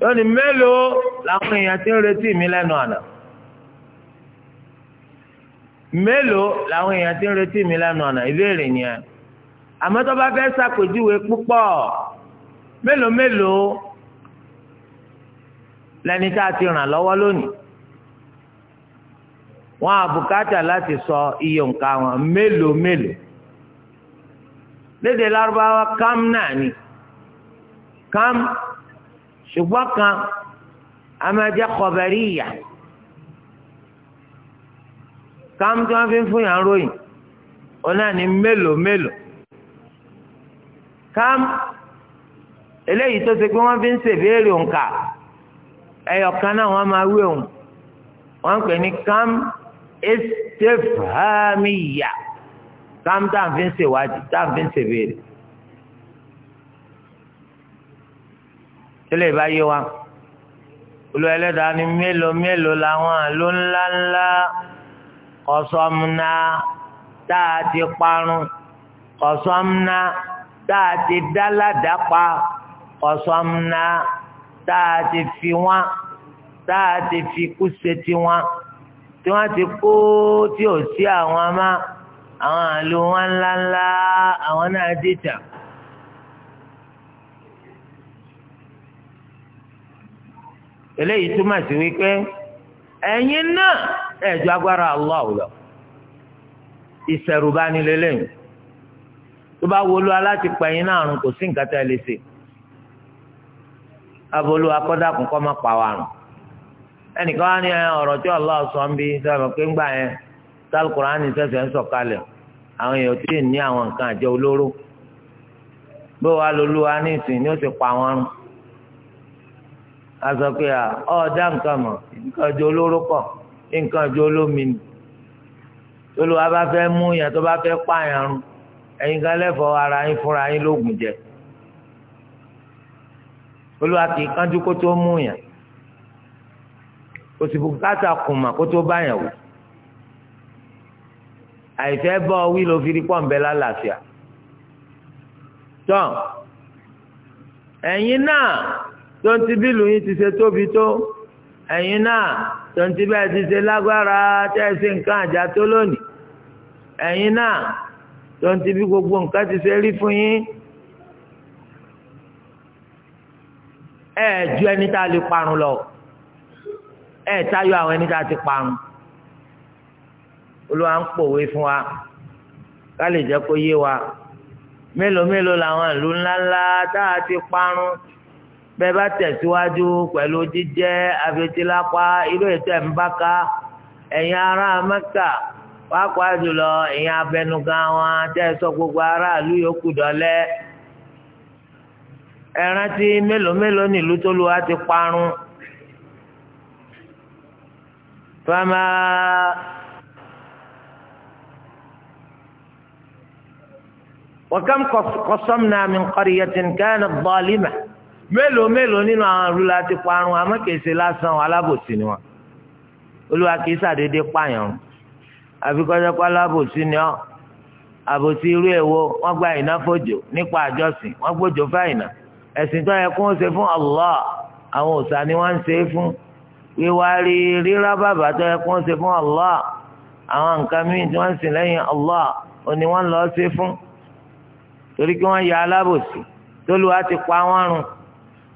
lónìí mélòó làwọn èèyàn ti ń retí mi lẹ́nu àná mélòó làwọn èèyàn ti ń retí mi lẹ́nu àná ìbéèrè yẹn àmọ́ tó bá fẹ́ ṣàpèjúwe púpọ̀ mélòó mélòó lẹni tá a ti ràn lọ́wọ́ lónìí wọn àbùkátà láti sọ iye nǹkan wọn mélòó mélòó lárúbáwá kam náà ni kam ṣùgbọ́n kan a máa jẹ́ kọ̀bẹ̀ríyà káàmù tí wọ́n fi ń fún yàn ròyìn ó náà ní mélòó mélòó káàmù eléyìí tó ṣe pé wọ́n fi ń ṣèbéèrè òǹkà ẹyọ kan náà wọ́n máa wí òun wọ́n ń pè ní káàmù estefamiya káàmù tá à ń fi ń ṣèwádìí tá à ń fi ń ṣèbéèrè. tẹ́lẹ̀ bá yé wa olú ẹlẹ́dàá ni mélòó mélòó làwọn àló ńlá ńlá kọ̀sọ́mùnà tá a ti parun kọ̀sọ́mùnà tá a ti dáládàpa kọ̀sọ́mùnà tá a ti fi wọ́n tá a ti fi kú ṣe tiwọn tí wọ́n ti kó tí ò sí àwọn ọmọ àwọn àló wọn ńlá ńlá àwọn náà dìtà. eléyìí túmọ̀ sí wípé ẹ̀yin náà ẹ̀jọ̀ agbára Allah lọ ìṣẹ̀rùbánilélẹ́yìn tó bá wọlé aláti pẹ̀yìn náà àrùn kò sí nǹkan tẹ́ ẹ lè ṣe abolú akọ́dàkùn kọ́ máa pa wàrùn ẹnìkan á ní ọ̀rọ̀ tí Allah sọ ń bí sọ̀rọ̀ pé ńgbà yẹn sálùkùránì sẹ̀sẹ̀ ń sọ̀kalẹ̀ àwọn èèyàn tí ì ní àwọn nǹkan àjẹ olóró bó wàá lolúwa ní ìsìn ni ó ti pa wọn rún a sọ a à ọ̀ọ́dá nǹkan mọ̀ nǹkan ju olóró pọ̀ nǹkan ju olómi ni olùwà bá fẹ́ mú yàn tó bá fẹ́ pààyàn rún ẹ̀yin kan lẹ́fọ̀ọ́ ara yín fúnra yín lóògùn jẹ olùwà kì í kánjú kó tó mú yàn òsìkò káta kùmà kó tó báyàn wò àìfẹ́ bọ́ wí ló fi rí lálàáfíà tán ẹ̀yin náà tonti bílù yín ti ṣe tóbi tó ẹ̀yin náà tonti bẹ́ẹ̀ ti ṣe lágbára tẹ́ ẹ ṣe nǹkan àjà tó lónìí ẹ̀yin náà tonti bí gbogbo nǹkan ti ṣe rí fún yín ẹ ju ẹni tá a lè parun lọ ẹ tayọ àwọn ẹni tá a ti parun olúwa ń pòwe fún wa ká lè jẹ́ kó yé wa mélòó mélòó làwọn ìlú ńláńlá tá a ti parun. bẹ́ẹ̀ bá tẹ̀síwájú pẹ̀lú jíjẹ́ afetílápá irú ètò ẹ̀ńbáka ẹ̀yin ará mẹ́kà pàápàá jùlọ ẹ̀yin abẹnugan wọn tẹ̀sọ́ gbogbo aráàlú yòókù dọ́lẹ́ ẹ̀rántí mélòó mélòó nílùú tó lu ti parun fama wakam kọsọmna min kọriyatin kanat zalima. mélòó mélòó nínú àwọn ìlú la ti parun àmọ́ kìí ṣe lásán alábòsí ni wọn olúwa kìí ṣàdédé pààyàn àfi kọjá pé alábòsí ni ọ àbòsí irú èwo wọn gba ìná fòjò nípa àjọsìn wọn gbójò fáìnà ẹ̀sìn tó yẹ kó ń ṣe fún Allah àwọn òòṣà ni wọn ń ṣe fún wíwá rí rírá bàbà tó yẹ kó ń ṣe fún Allah àwọn nǹkan míì tí wọn ń sìn lẹ́yìn Allah òní wọn lọ ṣe fún torí kí wọn ya alábòsí tólúwa ti pa wọn run.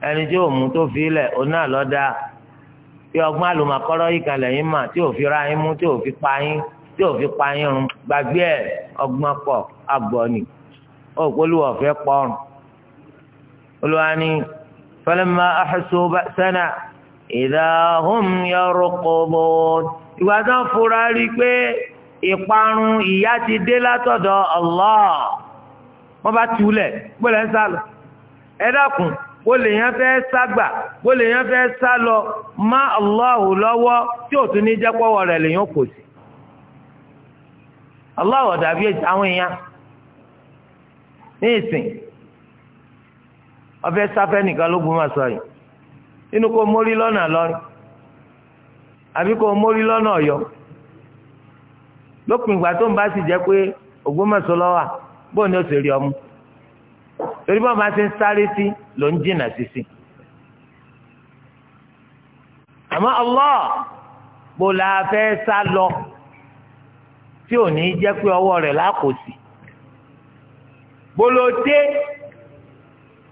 ẹni tí òmù tó fi lẹ̀ oná lọ́dà bí ọgbọ́n àlùmọ̀kọ́rọ́ yìí kan lẹ́yìn mà tí ò fi ra yín mú tí ò fi pa yín tí ò fi pa yín run gbàgbé ẹ̀ ọgbọ́n pọ̀ agbọ́ni òpolúwọ̀ fẹ́ pọ́run olùwàní fẹlẹ́mà àhẹsọ sẹ́nà ìdáhùn yọrọ kọ́bọ̀ ìgbà tó ń fura rí i pé ìparun ìyà ti dé látọ̀dọ̀ Allah wọ́n bá túlẹ̀ gbọ́dọ̀ ń sálọ ẹ dákun. Wole ya yẹn fẹ́ sàgbà, bó yẹn fẹ́ sá lọ má lọ́wọ́ tí o tún ní jẹ́ rẹ̀ lèyàn kò sí. Allahu dàbí àwọn èèyàn ní ìsìn ọfẹ́ sáfẹ́ nìkan ló gbọ́n máa sọ yìí nínú kó mórí lọ́nà lọ́rin àbí kó mórí lọ́nà ọ̀yọ́ lópin ìgbà tó pé bóun ni ó torí bọ́ọ̀ máa ti ń sáré sí ló ń jìnnà sísìn àmọ́ Allah bó la fẹ́ sá lọ tí ò ní jẹ́ pé ọwọ́ rẹ̀ lákòsí gbólóté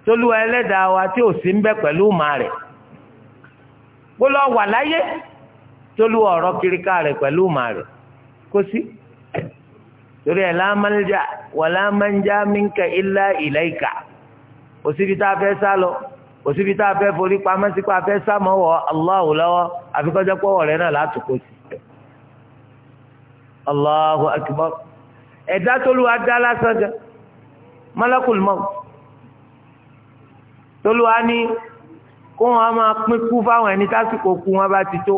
tolúwa ẹlẹ́dàá wa tí ò sí ń bẹ pẹ̀lú màá rẹ̀ lọ wà láyé tolúwa ọ̀rọ̀ torí ẹ̀ la malja wala manja minka illa ilayka òsibí tá a fẹ́ sá lọ òsibí tá a fẹ́ forí pamọ́ sí pé a fẹ́ sá mọ́ wọ Allahu lọ́wọ́ àfikọ́jọ́ pọ̀wọ́ rẹ náà látòkò sí Allahu akbar ẹ̀dá tólúwa dá lásán jẹ malakul maut tólúwa ní kó wọn máa pín fáwọn ẹni tásìkò kú wọn bá ti tó.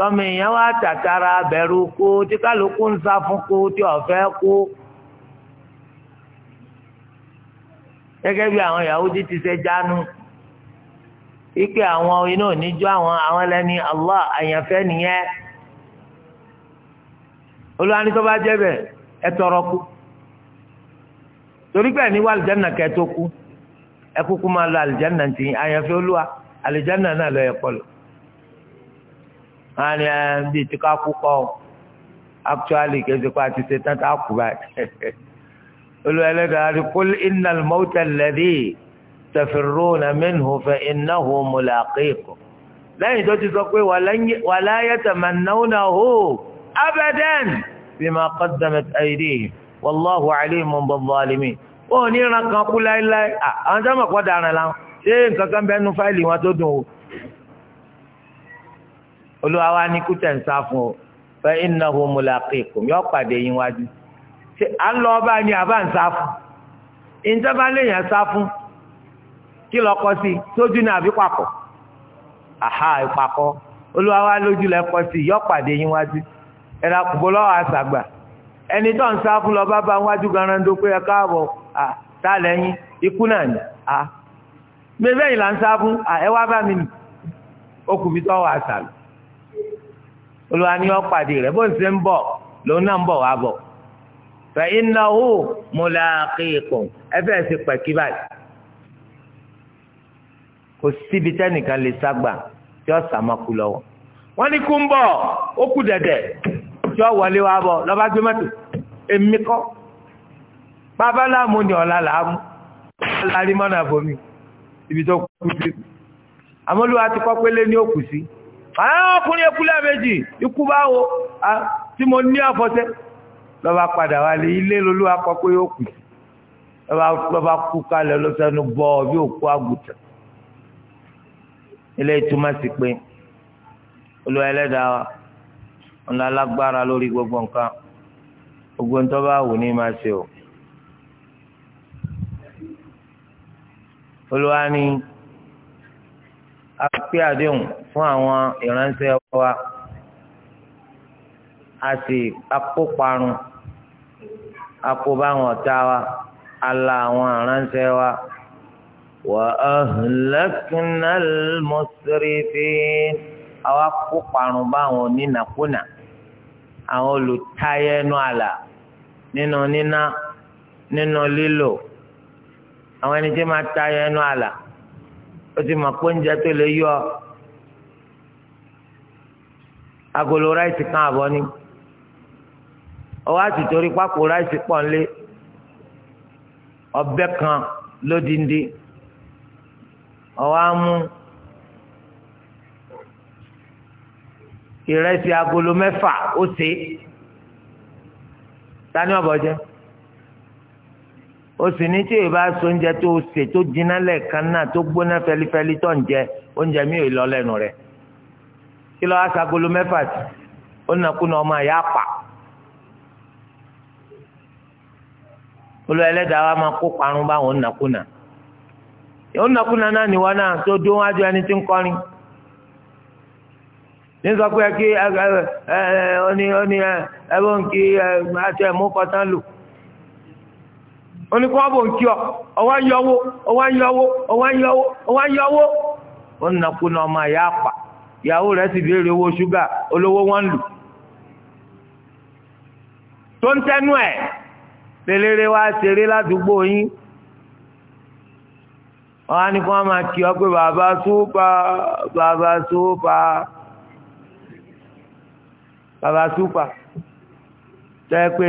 tọ́mọ èèyàn wá tàtàrà bẹ̀rù kú tí kálukú ń sá fún kú tí ọ̀fẹ́ kú. gẹ́gẹ́ bí àwọn Yahudi ti ṣe jánu ipe àwọn iná oníjó àwọn àwọn ẹlẹ́ni Allah àyànfẹ́ nìyẹn ẹ tọrọ kú torí ní wà àlìjáná kẹ́ẹ́ tó kú ẹ kúkú máa lọ wọ́n á ní eh, bíi tí ká kú kọ́ actually kì í ṣe pé a ti ṣe tán tá a kú báyìí olú ẹlẹ́dàá rí kul innal mawta alladhi tafirruna minhu fa innahu mulaqikum lẹ́yìn tó ti sọ pé wala yatamannawnahu abadan bima qaddamat aydihim wallahu alimun bizzalimin ó ní ìran kan kú láéláé àwọn sábà kọ́ dára la ṣé nǹkan kan bẹ́ẹ̀ nu fáìlì wọn tó dùn o olúwa wa ní kútẹ̀ ń sá fún o fa innahu mulaqikum yọ pàdé yín wájú ṣe à ń lọ ọba ni àbá ń sá fún ìjọba léèyàn sá fún kí lọkọ sí sójú ní àbí papọ̀ àhà ìpapọ̀ olúwa wa lójú lẹkọ sí yọ pàdé yín wájú ẹ̀rọ àkùkọ lọ́wọ́ àṣàgbà ẹni tó ń sá fún lọ bá bá wájú garando pé ẹ káàbọ̀ à tá lẹ́yìn ikú náà ni à mẹ́fẹ́ ìlànà sá fún à ẹ wá bá mi nì okùnfin tó wà àṣàlù olúwa ni ó pàdé rẹ̀ bó ń ṣe ń bọ̀ lòun náà ń bọ̀ wá bọ̀ fa innahu mulaqikum ẹ fẹ́ ṣe pẹ̀kí báyìí kò síbi tẹ́nìkan lè ságbà tí ó sàmọ́kú lọ́wọ́ wọ́n ní kú ń bọ̀ ó kù dẹ̀dẹ̀ tí ó wọlé wá bọ̀ lọ́ba gbé mọ́tò èmi kọ́ bàbá ni ọ̀la làámú láàrín mọ́nà àbòmí ibi tó kú sí àmọ́ ti kọ́ pélé ní òkú sí ọkùnrin ẹkúlẹ̀ méjì ikú bá wo tí mo ní àfọ́sẹ́ lọ́ba padà wà lè ilé lolúwa kọ pé ó kù lọ́ba kú kalẹ̀ lọ́sẹ̀nu bọ́ bí òkú àgùtàn ilé ìtumọ̀ sí pé olúwa ẹlẹ́dàá wa ọ̀nà alágbára lórí gbogbo nǹkan gbogbo ń tọ́ bá ní máa ṣe o olúwa ni a pé àdéhùn fún àwọn ìránṣẹ́ wa a sì akóparun akóbá àwọn ọ̀tá wa ala àwọn ìránṣẹ́ wa wa ahlakna al-musrifin àwa kóparun bá àwọn onínàkúnà àwọn olùtayẹ ẹnu àlà nínú níná nínú lílò àwọn ẹni tí máa tayẹ ẹnu àlà ó ti mọ̀ pé oúnjẹ tó lè yọ agolo ráìsì kan àbọ̀ ni ọwọ́ àti torí pákó ráìsì pọ̀ nílé ọbẹ̀ kan lódìndín ọwọ́ á mú ìrẹsì agolo mẹ́fà ó ṣe tani ọ̀bọ̀ jẹ́ o sì ní tí ìbá so oúnjẹ tó sè tó jiná lẹ́ẹ̀kan náà tó gbóná fẹlifẹli tó ń jẹ oúnjẹ mi ò lọ lẹ́nu rẹ̀ kí lọ́ọ́ aṣagolo mẹ́fà sí ó nàkúnà ọmọ àyà pa olú ẹlẹ́dàá wa máa kó parun báwọn nàkúnà ó nàkúnà náà níwọ náà tó dún wájú ẹni tí ń kọrin ní sọ pé kí ẹ ẹ oníkọ́bọ̀ ń kí ọ ọwá ń yọwó ọwá ń yọwó ọwá ń yọwó ọwá ń yọwó ó ń nàkú ní ọmọ ìyá àpà ìyàwó rẹ̀ sì béèrè owó ṣúgà olówó wọn lù tó ń tẹnu ẹ̀ lélẹ́rẹ́ wá ṣeré ládùúgbò yín wọ́n ní kí wọ́n máa kí ọ pé bàbá súpà bàbá súpà bàbá súpà tẹ́ pé.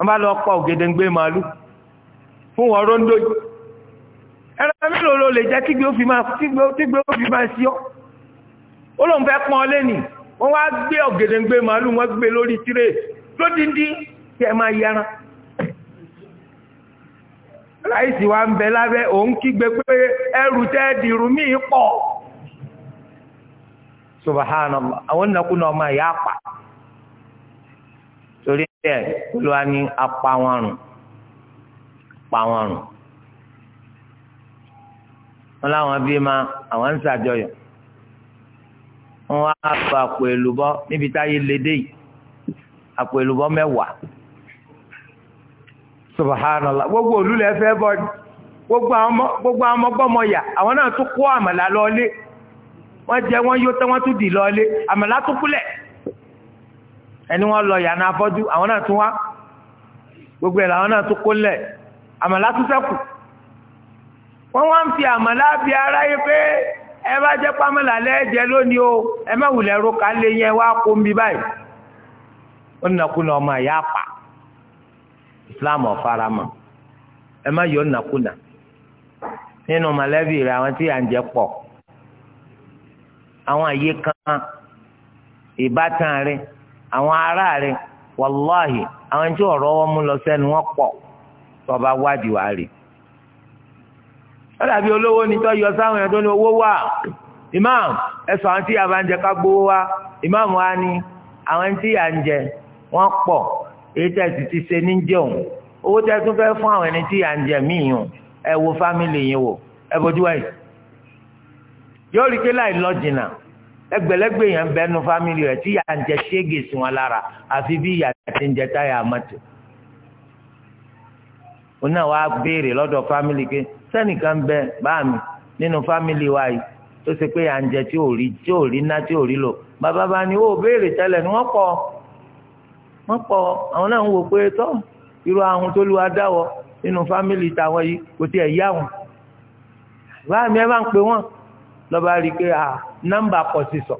wọ́n bá lọ pa fún wọn róńdó yìí ẹran mélòó ló lè jẹ́ kígbe ó fi máa fi máa sí ọ́ ó lóun fẹ́ ọ wọ́n wá gbé ògèdèǹgbé màálù wọ́n gbé lórí tirẹ̀ lódìndí kí ẹ máa yẹran láìsí wa ń bẹ lábẹ́ òun kígbe pé ẹrù tẹ́ dìrú míì pọ̀ subhanallah àwọn nàkúnà ọmọ ìyá ló wá ní apá wọn pa wọn láwọn bí ma àwọn ń ṣàjọyọ wọn wá àpò àpò èlùbọ́ níbi táyé lédè yìí àpò èlùbọ́ mẹwàá subhanallah gbogbo olúlẹ gbogbo àwọn ọmọgbọmọ yà àwọn náà tún kó àmàlà lọlé wọn yóò tún dì àmàlà tún kúlẹ̀. ẹni wọn lọ yàrá afọ́jú àwọn náà tún wá gbogbo ẹ̀ làwọn náà tún kó lẹ̀ àmàlà tún sẹ́kù wọ́n wá ń fi àmàlà bí aráyé pé ẹ bá jẹ́ pàmìlà lẹ́ẹ̀jẹ̀ lónìí o ẹ má wùlẹ̀ ro ká lé yẹn wá kó ń bí báyìí ó nàkúnà ọmọ ẹ̀yà pa Islam ọ̀farama ẹ má yọ nàkúnà nínú mọ̀lẹ́bí rẹ̀ àwọn tí à ń jẹ pọ̀ àwọn àyè kan ìbátan rẹ̀. àwọn ará rẹ̀ wàláhì àwọn tí ọ̀rọ̀ wọn mú lọ sẹ́nu wọn pọ̀ tó bá wádìí wá rè. ó dàbí olówó ni tó yọ sáwọn èèyàn tó ní owó wà imam ẹ àwọn tí bá ń jẹ ká gbowó wá imam wa ni àwọn tí yà ń jẹ wọn pọ̀ èyí tẹ̀sí ti ṣe ní jẹun owó tẹ̀sí fẹ́ fún àwọn ẹni tí yà ń jẹ míì yùn wo fámìlì wò bójú wáyé yóò rí láì jìnnà ẹgbẹ̀lẹ́gbẹ̀ yẹn bẹnu fámìlì rẹ̀ tí yà ń jẹ ṣége sí wọn lára àfi bí ìyá ti ń jẹ táyà mọ́tò òun náà wàá béèrè lọ́dọ̀ fámìlì pé sẹ́nìkan bẹ báà mi nínú fámìlì wa yìí tó ṣe pé à ń jẹ tí ò rí tí ò rí ná tí ò rí lò bàbá bá ní wọ́n béèrè tẹ́lẹ̀ ni wọ́n pọ̀ wọ́n pọ̀ àwọn náà ń wò pé tọ́ irú ahun tó lu adáwọ̀ nínú fámìlì tàwọn yìí kò tiẹ̀ yá wọn báà mi ẹ bá ń pè wọ́n lọ́ba rí i pé à ah, nọ́mbà kọ̀ sí sọ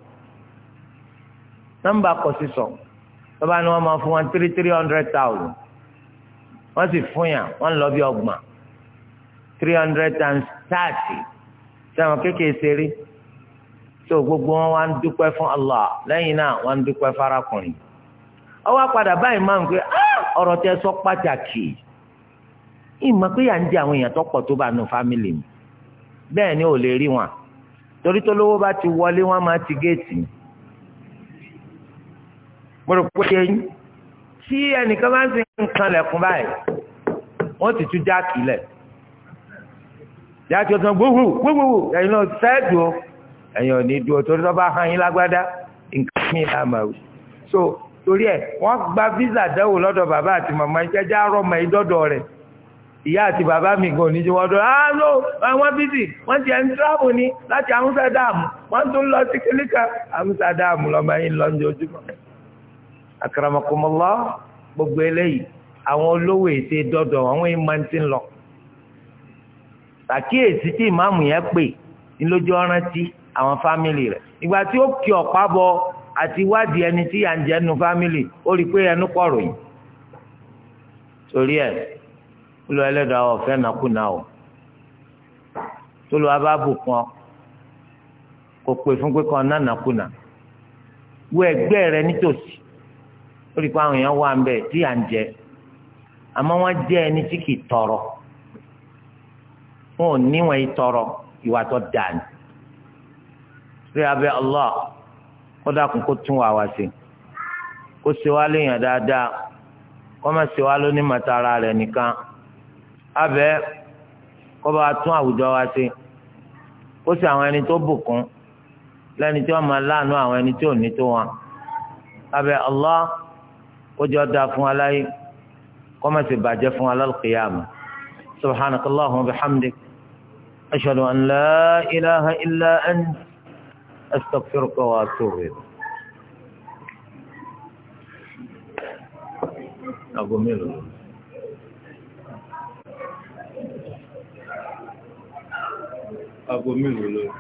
nọ́mbà kọ̀ sí sọ lọ́ba ni wọ́n máa fún wọn three three hundred thousand wọ́n sì fún yàn wọ́n lọ bí ọgbọ̀n three hundred and thirty sẹ́wọ̀n kékeré ṣeré tó gbogbo wọn wá ń dúpẹ́ fún Allah lẹ́yìn náà wọ́n ń dúpẹ́ farakùnrin ọwọ́ padà báyìí máa ń pè ah, ọ̀rọ̀ tẹ sọ pàtàkì ìmọ̀ pé yà ń jẹ àwọn èèyàn tó pọ̀ tó bá nu fámìlì mi bẹ́ẹ̀ ni ò lè rí wọn torí tó lówó bá ti wọlé wọn máa ti géètì mo rò pé tí ẹnìkan bá ń sin nǹkan lẹ̀kún báyìí wọ́n ti tún jáàkì lẹ̀ jáàkì ọ̀sán gbogbo gbogbo ẹ̀yin náà sẹ́ẹ̀dù o ẹ̀yin ò ní dúró torí tó bá hàn yín lágbádá nǹkan mi là máa wù so torí ẹ̀ wọ́n gba fíìsà dẹ́wò lọ́dọ̀ bàbá àti màmá ìjẹ́jẹ́ àrọ́mọ ìdọ́dọ̀ rẹ̀ ìyá àti bàbá mi gan ní jọwọ́dọ̀ ààlò ah, àwọn bídì wọ́n ti ẹni tíráàbù ní láti Amsterdam wọ́n tún lọ sí kílíkà Amsterdam lọ́mọ yìí lọ lójoojúmọ́ àkàràmọ̀kọ́mọ́lá gbogbo eléyìí àwọn olówó ètè dọ́dọ̀ àwọn ìmọ̀ ti ń lọ àkíyèsí tí ìmáàmù yẹn pè nílójú ọrántí àwọn fámìlì rẹ̀ ìgbà tí ó kí ọ̀pá bọ àti wádìí ẹni tí à olùwà ẹlẹ́dàá ọ̀fẹ́ nàkúnà o tolùwà bá bù kan kò pè fún pé kan náà nàkúnà Wọ ẹgbẹ́ rẹ nítòsí ó rí i pé àwọn èèyàn wà ń bẹ̀ tí à ń jẹ ẹni tí kì í tọrọ wọn yìí tọrọ ìwà Allah kó dákun kó tún wà wá sí kó ṣe wá léèyàn dáadáa kó má ṣe wá abẹ́ kọ́ba tún àwùjọ wa ṣe kó sì àwọn ẹni tó bùkún lẹ́ni tí wọ́n máa láàánú àwọn ẹni tí ò ní tó wọn abẹ́ Allah kó jọ dáa fún wa láyé kó má sì bàjẹ́ fún wa lálùkìyàmù subhanakallahumma wa bihamdik ashhadu an la ilaha illa ant astaghfiruka wa atubu ilayk. abominable